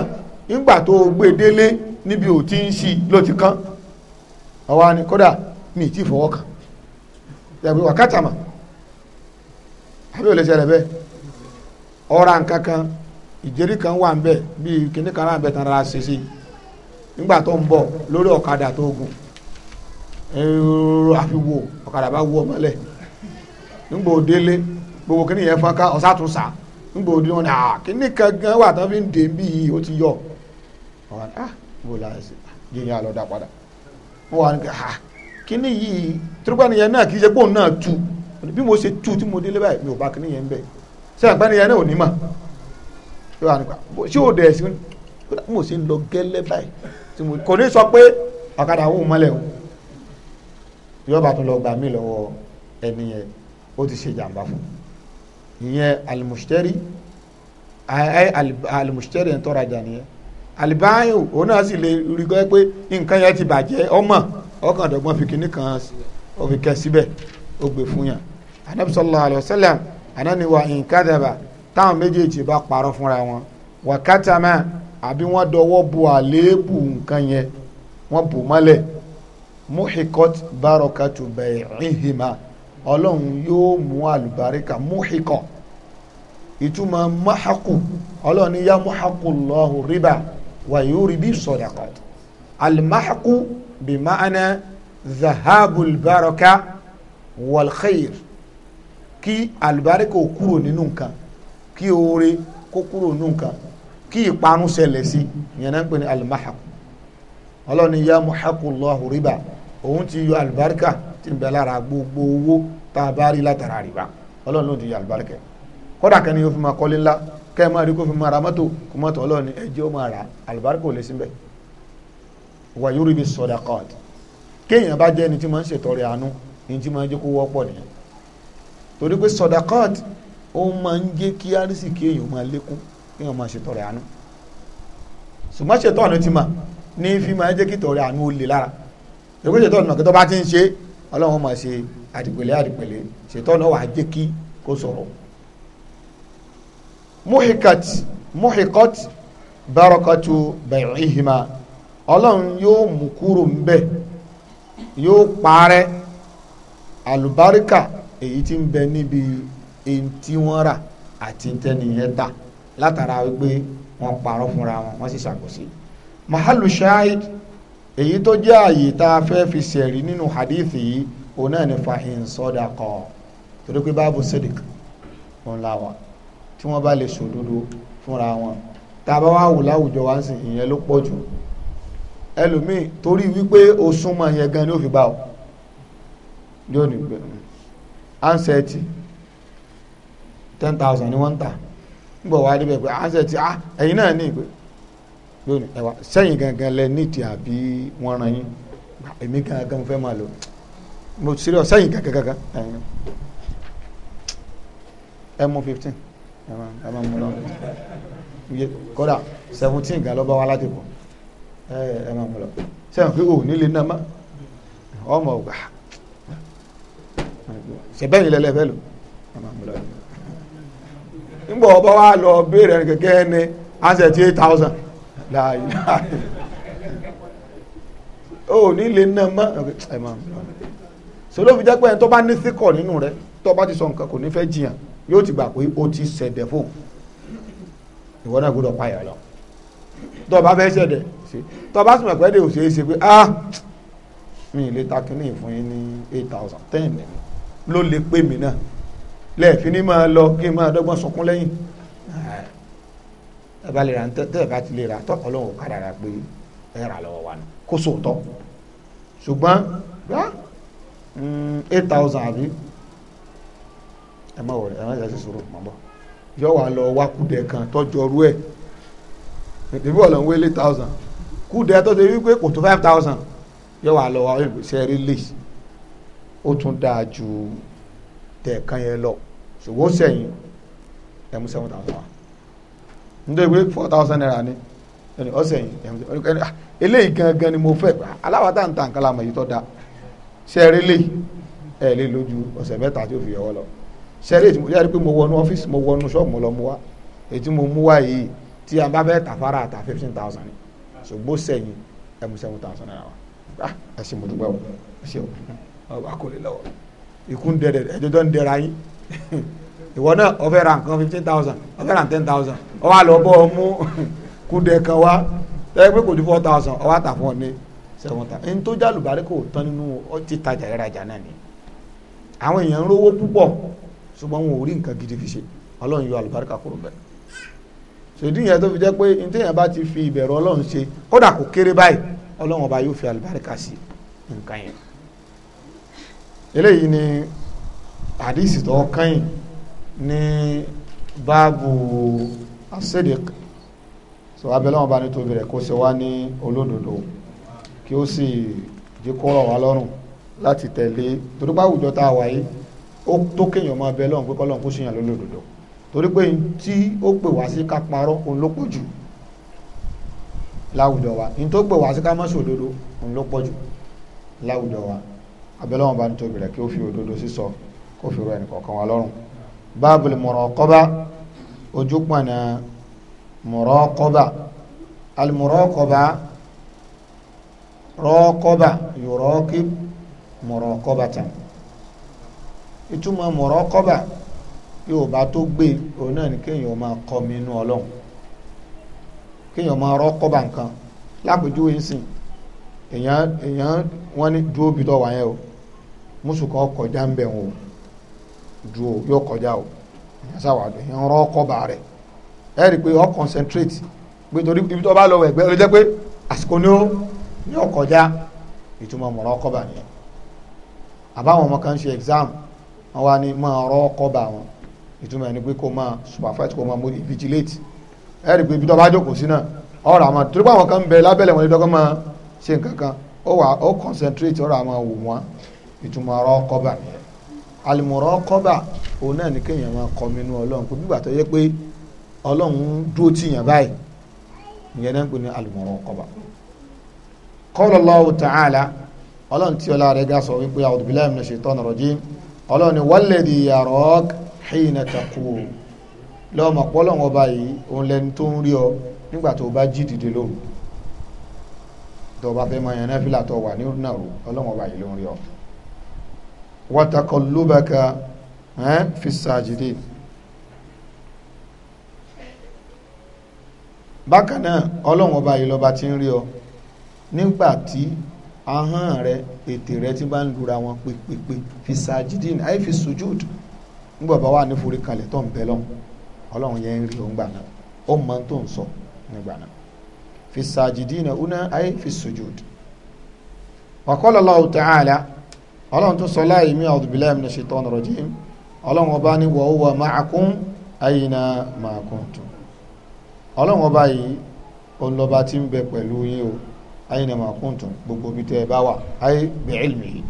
nígbà tó gbé délé níbi ò tí ń sí ló ti kán àwa ni kódà mi ì fọwọ́ kàn yàgbé wákàtà mà àbí bẹ nǹkan kan ìjẹ́rí kan wà ń bẹ̀ bíi kíní kan náà tán rárá ṣe sí nígbà tó ń bọ̀ lórí ọ̀kadà tó gùn bá wú ọmọlẹ̀ nígbà gbogbo kíní yẹn nígbà wọn ni kan gan wà tán fi ń dè bó la ṣe jìyàn àlọ́dà padà wọ́n wà ní pé ha ah, kíní yìí torípànìyàn náà kì í ṣe pé òun náà tu bí mo ṣe tu tí mo délé báyìí mi ò bá kíní yẹn ń bẹ̀ ṣé àgbàniyàn náà ò ní mà yóò wà ní pa ṣé ò dẹ̀ sí mo ṣe ń lọ gẹ́lẹ́ báyìí tí kò ní sọ pé ọ̀kadà wò mọ́lẹ̀ o yóò bá tún lọ gbà mí lọ́wọ́ ẹni yẹn ó ti ṣe jàǹbá fún ìyẹn alimusitẹ́rì alimusitẹ́rì ń tọ́ra jà nìyẹn àlìbáyò òun náà sì lè rí gọ́ pé nǹkan yẹn ti bàjẹ́ ọmọ ọkàndọ́gbọ́n fi kinní kan òfin kẹ́ síbẹ̀ ó gbé fún yàn anabi sallallahu alayhi sallam anani wa nkadaba táwọn méjèèjì bá parọ́ fúnra wọn wàkátàmá àbí wọ́n dọwọ́ bu àléébù nǹkan yẹn wọ́n bù mọ́lẹ̀ muhikot barakatu bay'ihima ọlọ́run yóò mú àlùbáríkà muhikọ ìtumọ̀ mahaku ọlọ́run ní yá muhaku lọ́hùn rìbá wa yuribi sadaqat al-mahqu bi ma'ana zahabul baraka wal khair kí alibarika ò kúrò nínú nǹkan kí oore kó kúrò nínú nǹkan kí ìparun ṣẹlẹ̀ sí ìyẹn náà ń pè ní al-mahqu ọlọ́ni ya muhaqu Allahu riba òun ti yọ alibarika ti ń bẹ lára gbogbo owó tá a bá rí látara riba ọlọ́run ló ti yọ alibarika kódà kan ni yóò fi máa kọ́lé ńlá kẹ́ ẹ máa rí kó fi máa ra mọ́tò kó mọ́tò ọlọ́ọ̀ni ẹjẹ́ ó máa ra àlùbáríkò lè síbẹ̀ wà yóò rí bí sọ̀dà kọ́ọ̀t kéèyàn bá jẹ́ ẹni tí máa ń ṣètọrẹ àánú ẹni tí máa ń jẹ́ kó wọ́pọ̀ nìyẹn torí pé sọ̀dà kọ́ọ̀t ó máa ń jẹ́ kí arísì kéèyàn máa lékún kéèyàn máa ṣètọrẹ àánú ṣùgbọ́n ṣètọ́ ti mà ní fi máa jẹ́ kí tọrẹ àánú ó le lára ìwé ṣètọ́ ọ̀nà bá ti ń ṣe ọlọ́run máa ṣe àdìpẹ̀lẹ́ àdìpẹ̀lẹ́ ṣètọ́ muhikat muhikot barakatu bay'ihima ọlọ́run yóò mú kúrò ń bẹ̀ yóò parẹ́ àlùbáríkà èyí tí ń bẹ níbi èyí tí wọ́n rà àti tẹ́niyẹn tà látara wípé wọ́n parọ́ fúnra wọn wọ́n sì ṣàkóso mahalu shahid èyí tó jẹ́ àyè tá a fẹ́ fi ṣẹ̀rí nínú hadithi yìí òun náà ní fahin sọ́dà kọ́ torí pé báàbù sẹ́dìk òun láwàá tí wọ́n bá lè sòdodo fúnra wọn tá a wò láwùjọ wa ń sìn ìyẹn ló pọ̀ jù ẹlòmíì torí wípé o súnmọ́ yẹn gan ni ó fi bá ọ yóò ní gbẹ ansẹẹtì ten thousand ni wọ́n ń tà nígbà wàá débẹ̀ pé ansẹẹtì ah ẹ̀yin náà ní ìpè yóò ní ẹwà sẹ́yìn gangan lẹ níìtì àbí wọ́n ran yín èmi gangan fẹ́ máa lò mo sírí ọ sẹ́yìn gangan gangan ẹ mú fifteen ẹ máa mú lọ kódà seventeen gan lọ́ba wa láti bọ̀ ẹ máa mú lọ sẹ́yìn pé òun nílé náà má ọmọ ọgbà ṣẹ̀bẹ́ yìí lẹ́lẹ́ fẹ́ lò ẹ máa mú lọ. nígbà ọba wa lọ béèrè ẹni kẹ̀kẹ́ ni asset eight thousand láàyè láàyè òun nílé náà má ẹ máa mú lọ. sọlọ́ọ̀fù jẹ́ pé ẹni tó bá ní síkọ̀ nínú rẹ̀ tó bá ti sọ nǹkan kò ní fẹ́ jiyàn yóò ti gbà pé ó ti ṣẹ̀dẹ̀ fóun ìwọ náà gbọ́dọ̀ payà lọ tó bá fẹ́ ṣẹ̀dẹ̀ ṣe tó sùn ẹ̀pẹ́ dè ò ṣeé ṣe pé ah mi ì lè ta kínní fún yín ní eight thousand ten lẹ́nu ló lè pè mí náà lẹ́ẹ̀fín ní máa lọ kí n máa dọ́gbọ́n sọkún lẹ́yìn ẹ lè ra tẹ́ ẹ ti lè ra tọ́ ọlọ́run ká dára pé ẹ rà lọ́wọ́ wa ni kó sóòótọ́ ṣùgbọ́n mm, eight thousand àbí ẹ má wọrẹ ẹ má ṣe sòrò mọbọ yọ wà lọ wá kúdẹ kan tọjọ rú ẹ ìdìbò ọ̀lọ́ wé eight thousand kúdẹ tó ṣe wípé kò tó five thousand yọ wà lọ wá ìgbésẹ̀ rí lè ó tún dáa ju tẹ̀ẹ̀kan yẹn lọ ṣùgbọ́n sẹ́yìn ẹ mú seven thousand wa nítorí pé four thousand naira ni ẹni ọsẹ yìí eléyìí gangan ni mo fẹ́ gbà aláwàtà ń ta nǹkan làmọ èyí tó da ṣe eré lè ẹ lè lójú ọ̀sẹ̀ mẹ́ta tí ó fi yọwọ lọ sẹ́rí ètí mo yára pé mo wọnú ọ́fíìsì mo wọnú ṣọ́ọ̀bù mo lọ mú wá ètí mo mú wá yìí tí a bá fẹ́ tà fara àtà fifteen thousand ni ṣùgbọ́n sẹ́yìn ẹ̀ mú seven thousand naira wa ah, ẹ̀ ṣe mo dúpẹ́ o ẹ̀ ṣe o ọba kò lè lọ́wọ́ ikú ń dẹrẹ ẹjọ́jọ́ ń dẹra yín ìwọ náà ó ra nǹkan fifteen thousand ó fẹ́ ra ten thousand ó wá lọ bọ́ ọ mú kúndẹ̀ kan wá tẹ́lẹ̀ pé kò ju four thousand ó wá tà fún ọ seven thousand ẹni tó jálùbárí kò tán nínú ọtí tajà ìrajà náà ni àwọn èèyàn ń rówó púpọ̀ ṣùgbọ́n wọn ò rí nǹkan gidi fi ṣe ọlọ́run yọ àlùbáríkà kúrò bẹ́ẹ̀ ṣèdí yẹn tó fi jẹ́ pé ní téèyàn bá ti fi ìbẹ̀rù ọlọ́run ṣe kódà kò kéré báyìí ọlọ́run ọba yóò fi àlùbáríkà sí nǹkan yẹn eléyìí ni àdìsí tó kẹ́yìn ní báàbù asẹ́dẹ̀k sọ abẹ́lẹ́ wọn bá ní tóbi rẹ̀ kó ṣe wá ní olódodo kí ó sì jí kó rọ̀ wá lọ́rùn láti tẹ̀lé torípàwùjọ tá a wáyé ó tó kéèyàn máa bẹ lọ́hùn pé kọ́lọ́hùn kó ṣèyàn lólódodo torí pé tí ó pè wá sí ká parọ́ òun ló pọ̀ jù láwùjọ wa ní tó pè wá sí ká má ṣòdodo òun ló pọ̀ jù láwùjọ wa abẹ́lẹ́wọ̀n bá ń tóbi rẹ̀ kí ó fi òdodo sísọ kó fi rọ ẹnìkọ̀ọ̀kan wa lọ́rùn báàbùl muraqaba ojú pọ̀nà muraqaba al-muraqaba raqaba yuraqib muraqabatan ìtumọ̀ mọ̀rọ́ kọ́bà yorùbá tó gbé òun náà ni kéèyàn máa kọ́ mi inú ọlọ́run kéèyàn máa rọ́ kọ́bà nǹkan lápèjúwe ń sìn èèyàn èèyàn wọ́n ní dúró bí dọ̀wà yẹn o mùsùlùmí kan kọjá ń bẹ̀ wọn o dúró yóò kọjá o èèyàn sáwàdùn èèyàn rọ́ kọ́bà rẹ̀ ẹ rí i pé ọ concentrate pé torí ibi tó bá lọ wẹ̀ gbẹ́ ló jẹ́ pé àsìkò ni ó ní ọkọjá ìtumọ̀ mọ̀rọ́ kọ́bà nìyẹn àbáwọn ọmọ kan ń ṣe exam wọ́n wá ní máa rọ́ ọkọ̀ wọn ẹni pé kó máa kó máa mórí vigilate i pé ibi tó bá jókòó sí náà ọ̀rọ̀ àmọ́ torí pé àwọn kan ń bẹ lábẹ́lẹ̀ wọn ìdọ́gọ́ máa ṣe nǹkan kan ó wà ó concentrate ọ̀rọ̀ wò ìtumọ̀ àlùmọ̀rọ̀ òun náà kéèyàn máa kọ́ mi nú ọlọ́run pé bígbà tó yẹ pé ọlọ́run dúró báyìí ìyẹn náà ń pè ní àlùmọ̀rọ̀ ọlọ́run ọlọ́ni walladhi yarak hina taqum lọ́mọ pọ́lọ́wọ́n ọba yìí òun lẹni tó ń rí ọ nígbà tó o bá jí dìde lóru tó o bá fẹ́ mọ ẹ̀yàn náà fìlà tó wà ní òun náà rò ló ń rí ọ. wa taqallubaka fi sajidin bákan náà ọlọ́wọ́n ọba lọ́ba ti ń rí ọ nígbà tí ahọ́n rẹ̀ ètè rẹ ti bá ń lura wọn pépépé fi sajidin àyè fi sujud nígbà bá wà ní forí kalẹ̀ tó ń bẹ lọ́hùn ọlọ́run yẹn ń rí òun gbà náà ó una àyè fi otu ala qala Allahu ta'ala ọlọ́run tó sọ láàyè mi a'udhu billahi minash ọlọ́run ọba ní ọlọ́run ọba yìí aynama kuntum gbogbo bí tẹ́ ẹ bá wà ayé bi ilmihi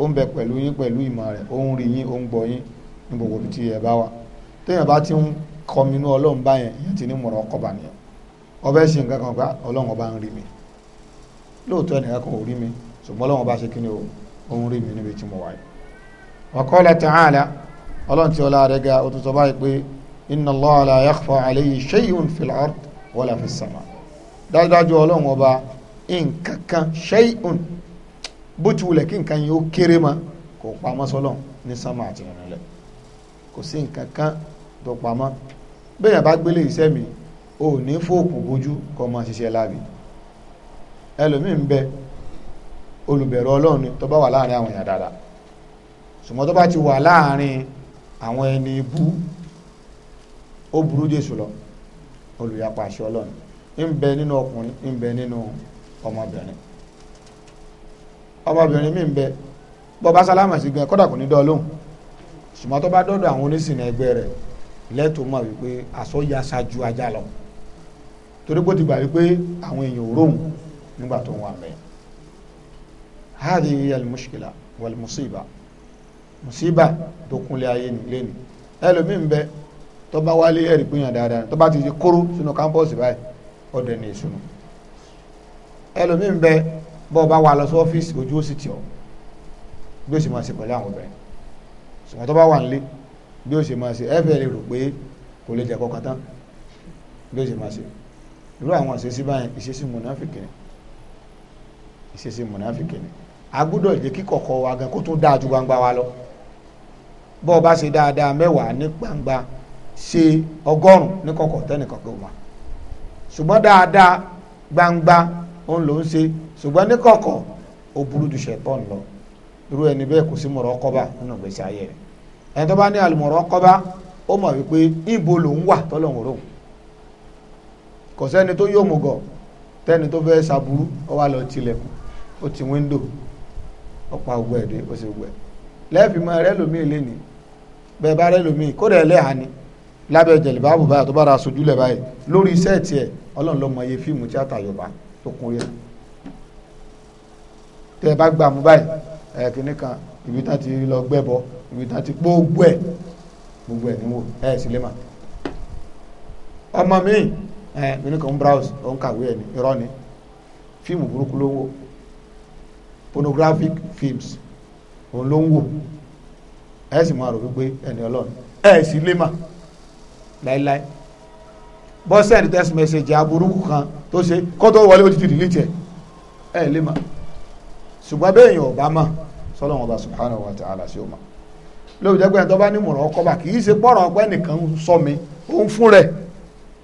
ó ń bẹ pẹ̀lú yín pẹ̀lú ìmọ̀ rẹ̀ ó ń rí yín ó ń gbọ́ yín ní gbogbo bí tí ẹ bá wà téèyàn bá ti ń kọminú ọlọ́run báyẹn ìyẹn ti ní mọ̀rọ̀ ọkọ̀ bá nìyẹn ọbẹ̀ ṣe nǹkan kan pé ah, ọlọ́run ọba ń rí mi lóòótọ́ ẹnìkan kan ò rí mi ṣùgbọ́n ọlọ́run ọba ṣe kí ni ó ń rí mi níbi tí mo wà yìí. wa qala ta'ala ọlọ́run tí ọlá rẹ̀ ga ó tún sọ báyìí pé inna Allaha la yakhfa alayhi shay'un fil ard wala fis sama dájúdájú ọlọ́run ọba nǹkan kan ṣẹ́yìn bó ti wulẹ̀ kí nǹkan yìí ó kéré ma kò pamọ́ sọ́lọ́run ní sánmà àti ìrìnlẹ̀ kò sí nǹkan kan tó pamọ́ bẹ́ẹ̀ bá gbélé iṣẹ́ mi ò ní fóòkù bójú kọ́ mọ́ ṣiṣẹ́ láàbì ẹlòmíì ń bẹ olùbẹ̀rọ ọlọ́run tó bá wà láàrin àwọn èèyàn dáadáa ṣùgbọ́n tó bá ti wà láàrin àwọn ẹni ibú ó burú jésù lọ olùyapa ọlọ́run ń nínú ọkùnrin ń nínú ọmọbìnrin ọmọbìnrin mi ń bọba sálámà sí gan kódà kò ní dán lóhùn bá àwọn onísìnà ẹgbẹ́ rẹ̀ lẹ́tọ̀ọ́ mọ̀ wípé àsọyà ṣáájú ajá lọ torí pé ti gbà wípé àwọn èèyàn òróhùn nígbà tó wà mẹ́ hádìí musiba musiba tó kúnlẹ̀ ayé ni ọdọ ẹni ìṣúná ẹlòmíín bẹ bọ́ọ̀ bá wà lọ sí ọ́fíìsì ojú ó sì tì ọ́ bí ó sì máa ṣe pẹ̀lú àwọn obìnrin ṣùgbọ́n tó bá wà nílé bí ó ṣe máa ṣe ẹ̀fẹ̀ lè rò pé kò lè jẹ́ kọkàn tán bí ó ṣe máa ṣe irú àwọn ìṣesí báyìí ìṣesí mùnáfìkì ìṣesí mùnáfìkì ni jẹ́ kí kọ̀kọ̀ wa gan kó tún dáa ju gbangba wa lọ bọ́ọ̀ bá ṣe dáadáa mẹ́wàá ní gbangba ṣe ọgọ́rùn-ún ní kọ̀kọ̀ tẹ́nìkọ̀kọ̀ wọn ṣùgbọ́n dáadáa gbangba òun ló ń ṣe ṣùgbọ́n níkọ̀kọ̀ ó burú ju ṣẹ̀tọ́n lọ irú ẹni bẹ́ẹ̀ kò sí mọ̀rọ́kọ́bà nínú ìgbésí ayé rẹ̀ ẹni tó bá ní àlùmọ̀rọ́kọ́bà ó mọ̀ wípé ibo lòun wà tọ́lọ́hún rò kò sẹ́ni tó yóò mùgọ̀ tẹ́ni tó fẹ́ ṣàbúrú ó wá lọ tilẹ̀kùn ó ti wíńdò ó pa ògbẹ́ ẹ̀dẹ́ ó sì gbẹ lẹ́ẹ̀fì mọ́ rẹ́ bẹ́ẹ̀ bá rẹ́ kódà ẹlẹ́hàá ni lábẹ́ jẹ̀lẹ̀báàbù báyìí tó bá ra aṣojú lẹ̀ báyìí lórí iṣẹ́ tiẹ̀ ọlọ́run ló mọ iye fíìmù tíátà yorùbá tó kún yẹn tẹ ẹ bá gbà mú báyìí ẹ kìnnì kan ibi tá ti lọ gbẹ́bọ ibi tá ti gbogbo ẹ gbogbo ẹ níwò ẹ sì lè mà ọmọ mi ẹ kìnnì kan browse ó ń kàwé ẹ ní irọ́ ni fíìmù burúkú ló ń wò pornographic films òun ló ń wò ẹ sì máa rò wípé ẹni ọlọ́run ẹ sì lè mà. láíláí bọ́ send text message aburuku kan tó ṣe kọ́tọ́ wọlé ẹ̀ lè mà ṣùgbọ́n bẹ́ẹ̀ yàn mà wa pé ẹni bá ní mọ̀ràn ọkọ bá kì í ṣe pọ́ràn ọpẹ́ nìkan sọ mi ó ń fún rẹ̀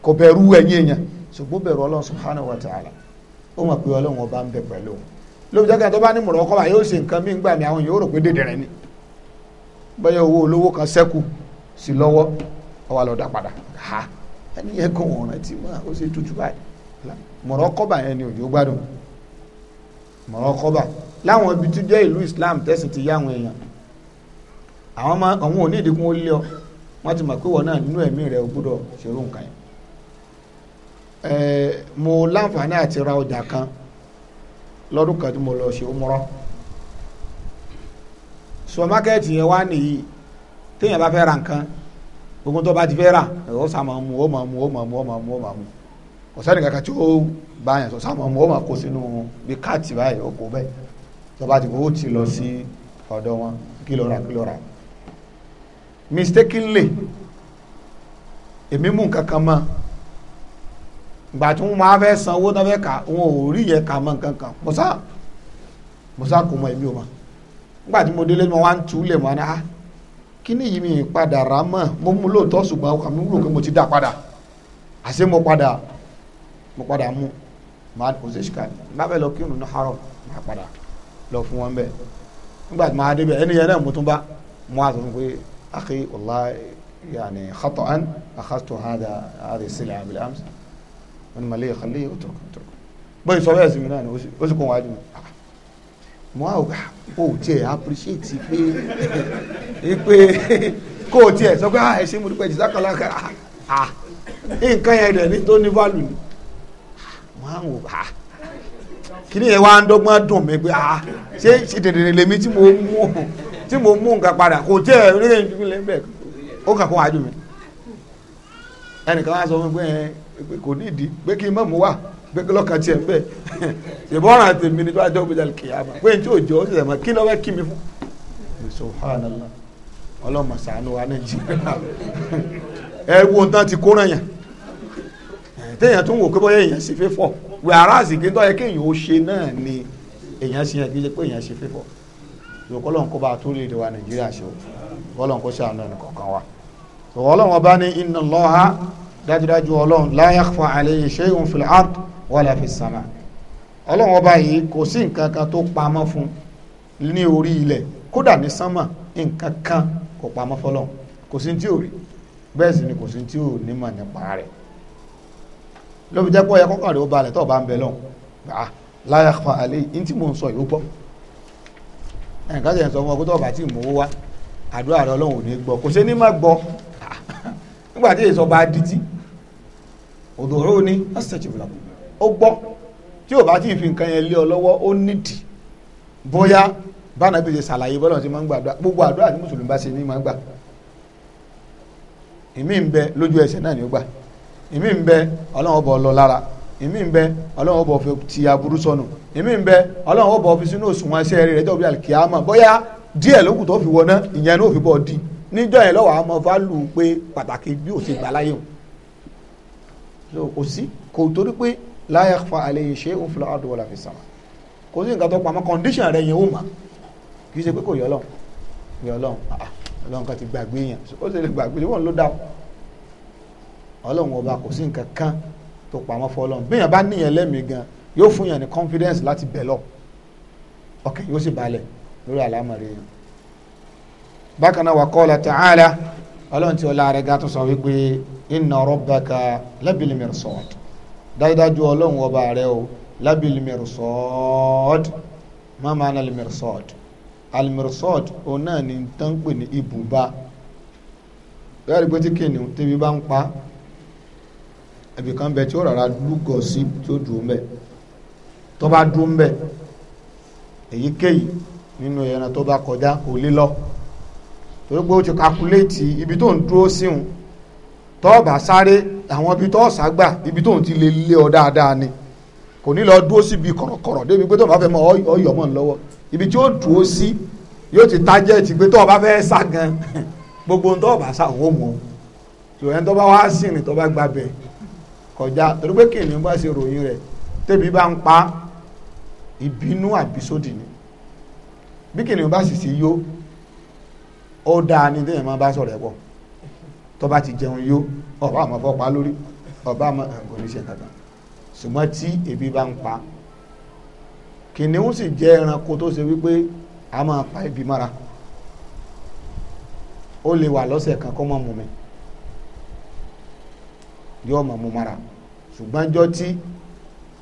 kò bẹ̀rù ẹ̀yìn èèyàn ṣùgbọ́n bẹ̀rù ọlọ́run wa ó pé ọlọ́run ọba ń bẹ pẹ̀lú pé bá ní mọ̀ràn ọkọ bá ṣe nǹkan ọwọ́ lọ dá padà ha ẹni yẹn kàn wọ́n rántí mọ́ ó ṣe tutù báyìí mọ̀rọ́ kọ́bà yẹn ni òjò gbádùn mọ̀rọ́ kọ́bà láwọn ibi tó jẹ́ ìlú Islam tẹ̀sìn ti yá àwọn èèyàn àwọn ọmọ àwọn ò ìdínkù ó lé ọ wọ́n ti mọ̀ pé wọ́n náà nínú ẹ̀mí rẹ̀ ó gbọ́dọ̀ ṣerú nǹkan yẹn mo láǹfààní àti ra ọjà kan lọ́dún kan tí mo lọ ṣe umrah supermarket yẹn wá nìyí téèyàn bá fẹ́ ra nǹkan gbogbo tó bá ti fẹ́ rà ó sá máa mu ó máa mu ó máa mu ó máa mu ó máa mu kò sẹ́ni kankan tí ó bá yẹn sọ sá mu ó máa kó sínú bí káàtì báyìí ó kó bẹ́ẹ̀ tó bá ti kó ti lọ sí ọ̀dọ̀ wọn kí ló rà kí ló rà mistakenly èmi mú nǹkan kan mọ́ ìgbà tí wọ́n máa fẹ́ san owó náà fẹ́ kà wọn ò rí yẹ kà mọ́ nǹkan kan mọ̀sá mọ̀sá kò mọ èmi ò mọ̀ nígbà tí mo délé mo wá ń túlẹ̀ mọ́ náà kíní yìí mi padà rà mọ́ mo mú lóòótọ́ ṣùgbọ́n ọkàn mi rò pé mo ti dá padà àṣé mo padà mo padà mú màá kò sí ṣìkà bá bẹ́ẹ̀ lọ kírun ní harọ màá padà lọ fún wọn bẹ́ẹ̀ nígbà tí màá débẹ̀ ẹni yẹn náà mo tún bá mo á fún pé akhi wallahi yani khata'an akhadtu hada hadi sil'a bil ams wọn ni màlẹ́ yẹ khalẹ́ yẹ o tó kọ́ bóyá sọ bẹ́ẹ̀ sì mí náà ni ó sì kó wájú mo á kó ah, o tiẹ̀ appreciate pé pé kó o tiẹ̀ sọ pé ah, ẹ ṣe mo dúpẹ́ jìdá kan ah, ah, nǹkan yẹn rẹ̀ ní tó ní value ni mo á wò á kíní yẹn wá ń dọ́gbọ́n dùn mí pé ah ṣé ṣe dèdèrè lèmi tí mo mú tí mo mú nǹkan padà kò tẹ́ ẹ̀ rí ẹ̀yìn ìpínlẹ̀ bẹ́ẹ̀ ó kà kó wájú mi ẹnìkan wá sọ fún mi pé kò ní ìdí pé kí n mọ̀ mú wà pé lọ́kàn tiẹ̀ bẹ́ẹ̀ ṣèbọ̀ ọ̀ràn àtẹ̀mí ni tó a jọ gbé jalè kìyàmà pé n tí ò jọ ó sì sẹ̀ mọ́ kí lọ́wọ́ kí mi fún. subhanallah ọlọ́mọ sàánú wa nàìjíríà ẹ wo nǹkan ti kó ràn yàn téèyàn tún wò pé bóyá èèyàn ṣe fẹ́ fọ̀ wẹ̀ aráàsì kí n tọ́ yẹ kéèyàn ó ṣe náà ni èèyàn ṣe yẹn kí n ṣe pé èèyàn ṣe fẹ́ fọ̀ ṣùgbọ́n kó bá a tó lè wa nàìjíríà ṣe o ọlọ́run wala fi sàmà ọlọ́run ọba yìí kò sí nǹkan kan tó pamọ́ fún ní orí ilẹ̀ kódà ní sánmà nǹkan kan kò pamọ́ fọlọ́run kò sí tí ò rí bẹ́ẹ̀ sì ni kò sí tí ò ní mà nípa rẹ̀ lóbi jẹ́ pé ọ̀yà kọ́kàn rẹ̀ ó balẹ̀ tó bá ń bẹ lọ́hùn ah láyà fa àlẹ́ yìí tí mò ń sọ yìí ó gbọ́ ẹ̀ǹkan tẹ̀ ń sọ fún ọ pé tó bá tí mò ń wá àdúrà rẹ̀ ọlọ́run ò ní gbọ́ kò sí ní má gbọ́ nígbà tí èso bá òdòrò ni ọ̀sẹ̀ tìbìlà kù ó gbọ́ tí ò bá tí fi nǹkan yẹn lé ọ lọ́wọ́ ó nídìí bóyá ṣe ṣàlàyé bọ́lá ti máa ń gbogbo àdúrà tí mùsùlùmí bá ṣe ní máa gbà ìmí ń bẹ lójú ẹsẹ̀ náà ni ó gbà ìmí ń bẹ lọ lára ìmí ń bẹ ọlọ́run fi ti aburú sọnù ìmí ń bẹ fi sínú rẹ̀ bóyá díẹ̀ tó fi wọná di níjọ́ yẹn la yakhfa alayhi shay'un fil ardi wala fis sama kò sí nǹkan tó pamọ́ condition rẹ̀ yẹn ó mà kì í ṣe pé kò yọ lọ́hùn yọ lọ́hùn ọlọ́run kan ti gbàgbé yẹn ó sì lè gbàgbé wọn ló dà ọlọ́run ọba kò sí nǹkan kan tó pamọ́ fọlọ́run bíyàn bá níyàn lẹ́mìí gan yóò fún yàn ní confidence láti bẹ̀ lọ ọkàn yóò sì balẹ̀ lórí àlámọ̀rí yẹn bákan náà wa qala ta'ala ọlọ́run tí ọlá rẹ̀ dájúdájú ọlọ́run ọba rẹ o labi limirsọ́ọ̀d máma na limirsọ́ọ̀d alimirsọ́ọ̀d òun náà ni tán pè ní ibùba yọrí pé tí kìnìún tẹ́bi bá ń pa ẹbí kan bẹ tí ó rárá lúgọ sí tí ó dùn bẹ tó bá dùn bẹ èyíkéyìí nínú ẹran tó bá kọjá kò lọ ti kakuléètì ibi tó ń dúró síhun tó bá sáré àwọn ibi tó ọ̀sà gbà ibi tóun ti lè lé ọ dáadáa ni kò ní lọ dúró síbi kọ̀rọ̀kọ̀rọ̀ débi pé tó o bá fẹ́ mọ ọyọ̀ mọ̀ lọ́wọ́ ibi tí ó dúró sí yóò ti tájẹ́ẹ̀tì pé tó o bá fẹ́ sá gan gbogbo ohun tó o bá sá òun mọ̀ tò ẹni tó bá wá sí ni tó bá gba bẹ̀ kọjá torí pé kí ènìyàn bá ṣe ròyìn rẹ̀ tẹ́bi bá ń pa ìbínú àbísódì ni bí kí ènìyàn bá sì sí yó ó dáa ní téèyàn máa bá sọ̀rọ̀ ẹ̀ tó bá ti jẹun yó ọba àmọ́ fọ́pa lórí ọba àmọ́ ẹ̀ǹkọ́ ní ṣe kankan ṣùgbọ́n tí ebi bá ń pa kìnìún sì jẹ́ ẹranko tó ṣe wípé a máa pa ebi mára ó lè wà lọ́sẹ̀ kan kó má mu mi yóò máa mu mára ṣùgbọ́n jọ tí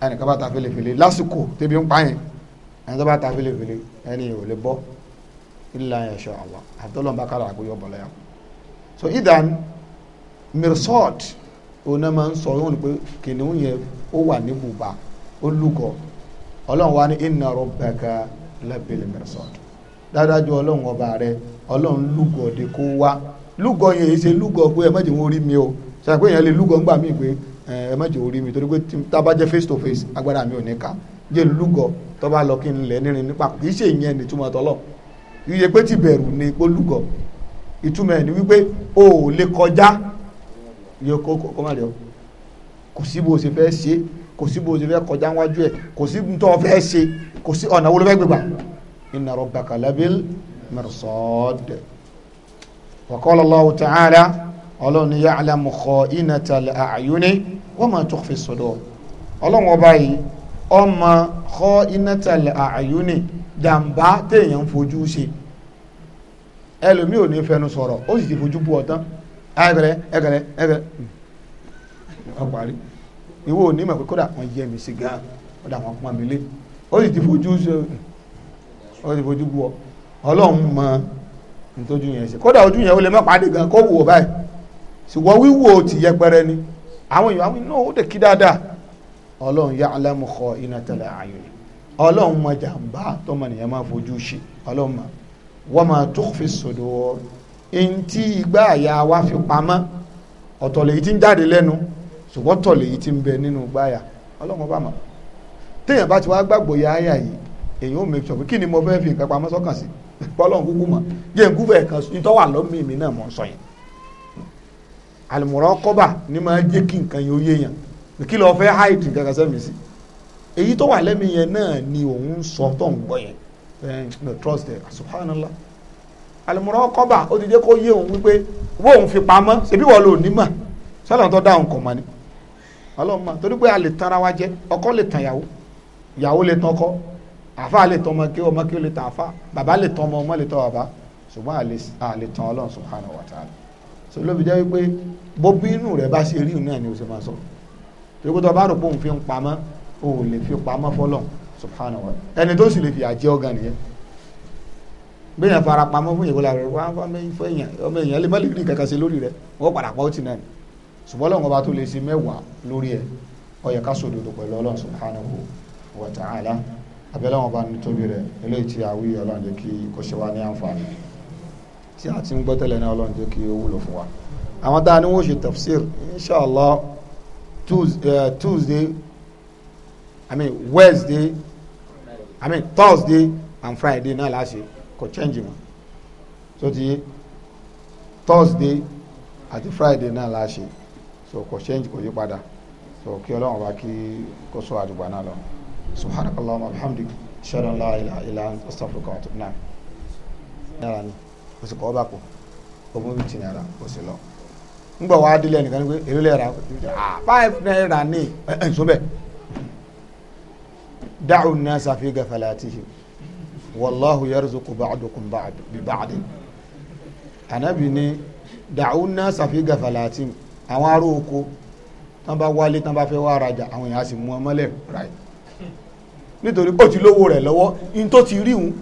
ẹnìkan bá ta felefele lásìkò tẹ́bi ń pa yẹn ẹni tó bá ta felefele ẹni ò lè bọ́ illa yasha Allah àtọ́lọ́mbá kára àgbéyọ̀ bọ̀lá yàgò. so idan mirsot òun máa ń sọ yóò pé kìnìún yẹn ó wà ní bùbá ó lúgọ ọlọ́run ní mirsot dáadájú ọlọ́run ọba rẹ ọlọ́run lúgọ de kó wá lúgọ yẹn èyí ṣe pé mi o ṣàpè yẹn lè lúgọ ńgbà míì pé ẹ má wọ́n rí mi torí pé jẹ́ face to face agbára mi ò ní ká ìtumọ̀ ẹ̀ ni wípé o ò lè kọjá yóò kó kó má rẹ̀ o kò sí bó o ṣe fẹ́ ṣe kò sí bó o ṣe fẹ́ kọjá wájú ẹ̀ kò sí tó fẹ́ ṣe kò sí ọ̀nà wo ló fẹ́ gbégbà inna rabbaka labil mirsad wa qala Allahu ta'ala ọlọ́run ni ya'lamu kha'inatal a'yuni wa ma tukhfi sudur ọlọ́run ọba yìí ọmọ kha'inatal a'yuni jàǹbá téèyàn fojú ṣe ẹlòmíì ò ní fẹnu sọ̀rọ̀ ó sì ti fojú bu ọ̀tán ẹgẹrẹ ẹgẹrẹ ẹgẹrẹ ọparí ìwọ ò ní mọ̀ pé kódà wọ́n yẹ mi sí gan ó dà wọ́n pọ́n mi lé ó sì ti fojú ó sì fojú bu ọ ọlọ́run mọ nítorí yẹn ṣe kódà ojú yẹn ó lè má pàdé gan kó wò báyìí ṣùgbọ́n wíwò ti yẹpẹrẹ ni àwọn èèyàn àwọn iná ó dẹ̀ kí dáadáa ọlọ́run yá alámùkọ iná tẹ̀lé àyùn ọlọ́run mọ jàǹbá tọmọnìyàn máa fojú ṣe ọlọ́run mọ̀ wama tukhfi sudur ntí igbá àyà wa fi pamọ́ ọ̀tọ̀ lèyí tí ń jáde lẹ́nu ṣùgbọ́n tọ̀ lèyí tí ń bẹ nínú igbá ọlọ́run bá mọ̀ téèyàn bá ti wá gbàgbọ́ ya àyà yìí èyí ó make sure pé kí ni mo fẹ́ fi nǹkan pamọ́ sọ́kàn sí bọ́lọ́run kúkú mọ̀ jẹ́ nkú fẹ́ kan ní tọ́wà lọ́mí mi náà mọ̀ sọ yẹn al-muraqaba ni máa jẹ́ kí nǹkan yẹn ó yé yàn kí lọ́ọ́ fẹ́ hide nǹkan sẹ́mi sí èyí tó wà lẹ́mí yẹn náà ni òun sọ tó ń gbọ́ yẹn no trust there subhanallah alimọ̀rọ̀ kọ́ba ó ti jẹ́ kó yé òun wípé wó òun fi pamọ́ ṣebí wọ́n lò ní mà sọ́dọ̀ tó dáhùn kọ̀ mọ́ ni ọlọ́mọ torí pé a lè tanra wa jẹ ọkọ lè tan yàwó yàwó lè tan ọkọ àfa lè tan ọmọ kí ọmọ kí ó lè tan àfa bàbá lè tan ọmọ ọmọ lè tan bàbá ṣùgbọ́n a lè tan ọlọ́run subhanahu wa ta'ala so ló fi jẹ́ wípé bó bí inú rẹ̀ bá ṣe rí ìrìn náà ni o ṣe máa sọ torí pé tó o bá rò pé òun fi ń pamọ́ òun lè fi pamọ́ fọlọ́run subhanahu wa ẹni tó sì lè fìyà jẹ ọgàn nìyẹn bí èèyàn fara pamọ́ fún ìwé làwọn ọmọ ọmọ ìfọ èèyàn ọmọ èèyàn lè má lè rí kankan sí lórí rẹ wọ́n padà pa ó ti náà ṣùgbọ́n lọ́wọ́n ọba tó lè ṣe mẹ́wàá lórí ẹ̀ ó yẹ ká sòdodo pẹ̀lú ọlọ́run subhanahu wa ta'ala abẹ́lẹ́ wọn bá ní tóbi rẹ̀ eléyìí tí a wí ọlọ́run jẹ́ kí kò ṣe wá ní àǹfààní tí a ti ń gbọ́ tẹ́lẹ̀ náà ọlọ́run jẹ́ kí ó wúlò fún wa àwọn tá a ní wọ́n ṣe tafsir inshallah eh, tuesday i mean wednesday i mean thursday and friday náà láṣẹ kò change wọn so ti thursday àti friday náà láṣẹ so kò change kò yí padà so kí ọlọ́run bá kí kó sọ àdùgbà náà lọ subhanakallah wa bihamdik shara la ilaha illa anta astaghfiruka wa atubu ilayk yàrá ni kò sì kọ́ bá kò ọmọ bíi tì yàrá kò sì lọ ngbọ̀ wá délé ẹnìkan ní pé èrè lè ra báyìí náírà ní ẹ̀ ẹ̀ ń دعوا الناس في gafalatihim والله يرزق بعضكم ba'd bi ba'd anabi ni da'u nasa fi gafalatihim àwọn ará oko tán bá wálé tán bá fẹ́ wá rajà àwọn èèyàn sì mú ọmọ lẹ̀ ráì nítorí ó ti lówó rẹ̀ lọ́wọ́ in tó ti ríhun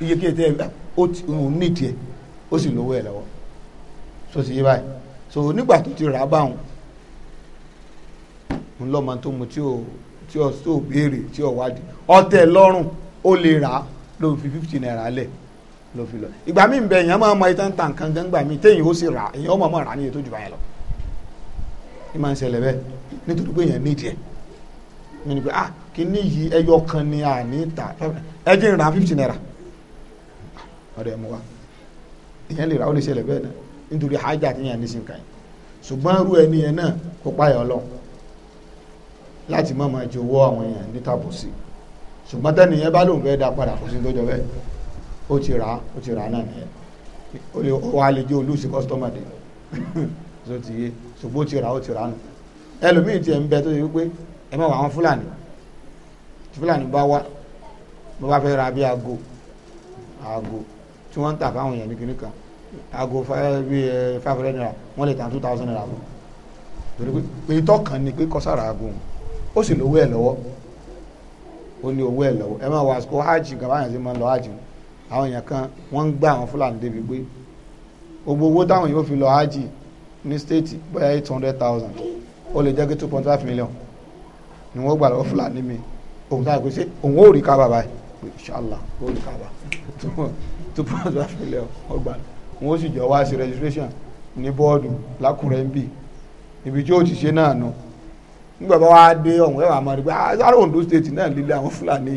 iye kí ẹtẹ ó ti òun ní tiẹ̀ ó sì lówó ẹ̀ lọ́wọ́ so sì yé báyìí so nígbà tó ti rà á báwọn ńlọmọ tó mu tí ò tí ò tó béèrè tí ò wádìí ọtẹ lọ́rùn ó lè rà á ló fi fifty naira lẹ̀ ló fi lọ ìgbà míì bẹ èèyàn máa mọ itan tàn kan gángbà míì téèyàn ó sì rà èèyàn ó mọ̀ mọ̀ rà níye tó jù báyẹn lọ ní máa ń ṣẹlẹ̀ bẹ́ẹ̀ nítorí pé èèyàn nídìí ẹ̀ mi ni pé ah kíní yìí ẹyọ kan ni àní ta ẹ jẹ́ ìrà fifty naira ọ̀rẹ́ mu wa èèyàn lè rà ó lè ṣẹlẹ̀ bẹ́ẹ̀ náà nítorí àjà àti èèyàn ní sí ṣùgbọ́n irú ẹni yẹn náà kó páyà ọlọ́run láti má máa jọ̀wọ́ àwọn èèyàn nítàbọ̀ sí ṣùgbọ́n tẹ́nìyàn bá lóun fẹ́ dá padà kò sí tó jọ bẹ́ẹ̀ ó ti rà ó ti rà náà nìyẹn ó lè wà á lè jẹ́ olùsí kọ́sítọ́mà dé tó ti yé ṣùgbọ́n ó ti rà ó ti rà nù ẹlòmíì tiẹ̀ ń bẹ tó ti wípé ẹ má wà àwọn fúlàní tí fúlàní bá wá bó bá fẹ́ ra bí aago aago tí wọ́n ń tà fáwọn èèyàn ní kinní kan aago five hundred naira wọ́n lè ta two thousand naira fún torí pé ìtọ́kàn ni pé kọ́sára aago wọn ó sì lówó ẹ̀ lọ́wọ́ ó ní owó ẹ̀ lọ́wọ́ ẹ máa wọ àsìkò hajj gàbáyàn sí máa ń lọ hajj àwọn èèyàn kan wọ́n ń gbá àwọn fúlàní débi pé gbogbo owó táwọn yóò fi lọ hajj ní state bóyá eight hundred thousand ó lè jẹ́ two point five million ni wọ́n gbà lọ́wọ́ fúlàní mi òun táyà pé òun ó rí kábà báyìí inshallah ó rí kábà two point five million wọ́n gbà wọ́n sì jọ wá sí registration ní bọ́ọ̀dù lákùrẹ́ ń bì ibi tí ó ti ṣe náà nù. No nígbà bá wá dé ọ̀hún ẹ̀wà máa rí pé sáré ah, Ondo state náà lílé àwọn Fúlàní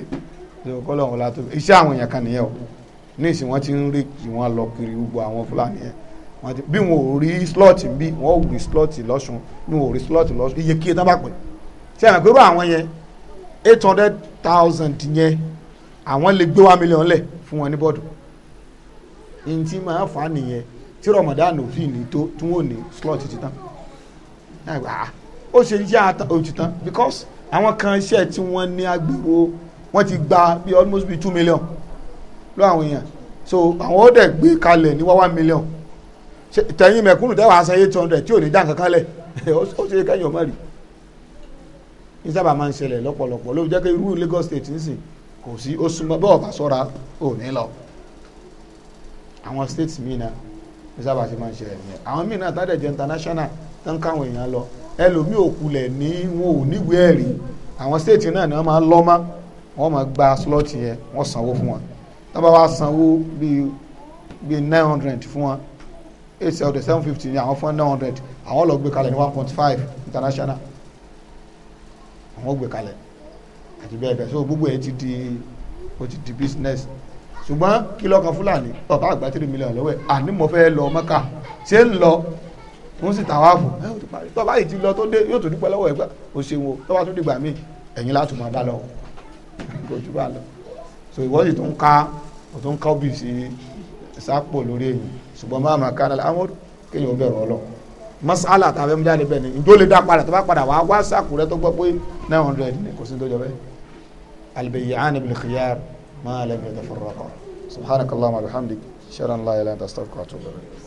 kọ́lọ̀ ọ̀hún látó iṣẹ́ àwọn èèyàn kan nìyẹn o ní ìsìn wọn ti ń rí kí wọ́n lọ kiri gbogbo àwọn Fúlàní yẹn wọ́n ti bí wọn ò rí slot bí wọn ò rí slot lọ́sùn bí wọn ò rí slot lọ́sùn iye kí etán bá pè ṣé àwọn ìgbéró àwọn yẹn eight hundred thousand yẹn àwọn lè gbé wá mílíọ̀n lẹ̀ fún wọn ní bọ́ọ̀dù ní ti máa fà á nìyẹn tí Ramadan òfin ní tó tí wọn ò ní slot ti tán ó ṣe iṣẹ́ òtítàn because àwọn kan iṣẹ́ tí wọ́n ní agbèrò wọ́n ti gba bí almost bí two million lọ àwọn èèyàn so àwọn ó dẹ̀ gbé kalẹ̀ ní wá one million tẹ̀yìn mẹ̀kúnnù tẹ́wọ̀ asan eight hundred tí ò ní dá nǹkan kalẹ̀ ó ṣe kẹ́yìn ọmọ rí ní sábà máa ń ṣẹlẹ̀ lọ́pọ̀lọpọ̀ ló jẹ́ pé irú Lagos state nísìn kò sí ó súnmọ́ bọ́ọ̀ bá sọ́ra ò ní lọ àwọn states míì náà ní sábà ṣe máa ń ṣẹlẹ̀ nìyẹn àwọn míì náà tá dẹ̀ jẹ́ international tán káwọn èèyàn lọ ẹlòmíì òkulẹ̀ ní wọn ò níwèé ẹ̀rí àwọn stéètì náà ni wọ́n máa ń lọ́ mọ́ wọ́n máa gba slọ́ọ̀tì yẹn wọ́n sanwó fún wọn tọ́ba wa sanwó bíi bíi nine hundred fún wọn eight hundred seven fifty ni àwọn fún nine hundred àwọn lọ gbé kalẹ̀ ní one point five international àwọn gbé kalẹ̀ àti bẹ́ẹ̀ bẹ́ẹ̀ so gbogbo ẹ̀ ti di ó ti di business ṣùgbọ́n kí lọ́kàn fúlàní bàbá àgbà three million lọ́wọ́ ẹ̀ àní mo fẹ́ lọ mọ́kà ṣé ń lọ wọ́n sì tàwáàfù tó bá yìí ti lọ tó dé yóò tó dúpẹ́ lọ́wọ́ ẹ̀gbá o ṣeun o tó bá tún dìgbà míì ẹ̀yìn láti máa bá lọ kò jù bá lọ so ìwọ́n sì tún ká o tún ká òbí sí sápò lórí èyí ṣùgbọ́n máa máa ká dára amúr kéèyàn ó bẹ̀rù ọlọ masala tàbí ẹmu jáde bẹ́ẹ̀ ni njó lè dá padà tó bá padà wá wá sáàkù rẹ tó gbọ́ pé nine hundred ni kò sí tó jọ bẹ́ẹ̀ albayyan bil khiyar ma lam yatafarraqa subhanakallahumma wa bihamdik sharan la ilaha illa anta wa atubu ilayk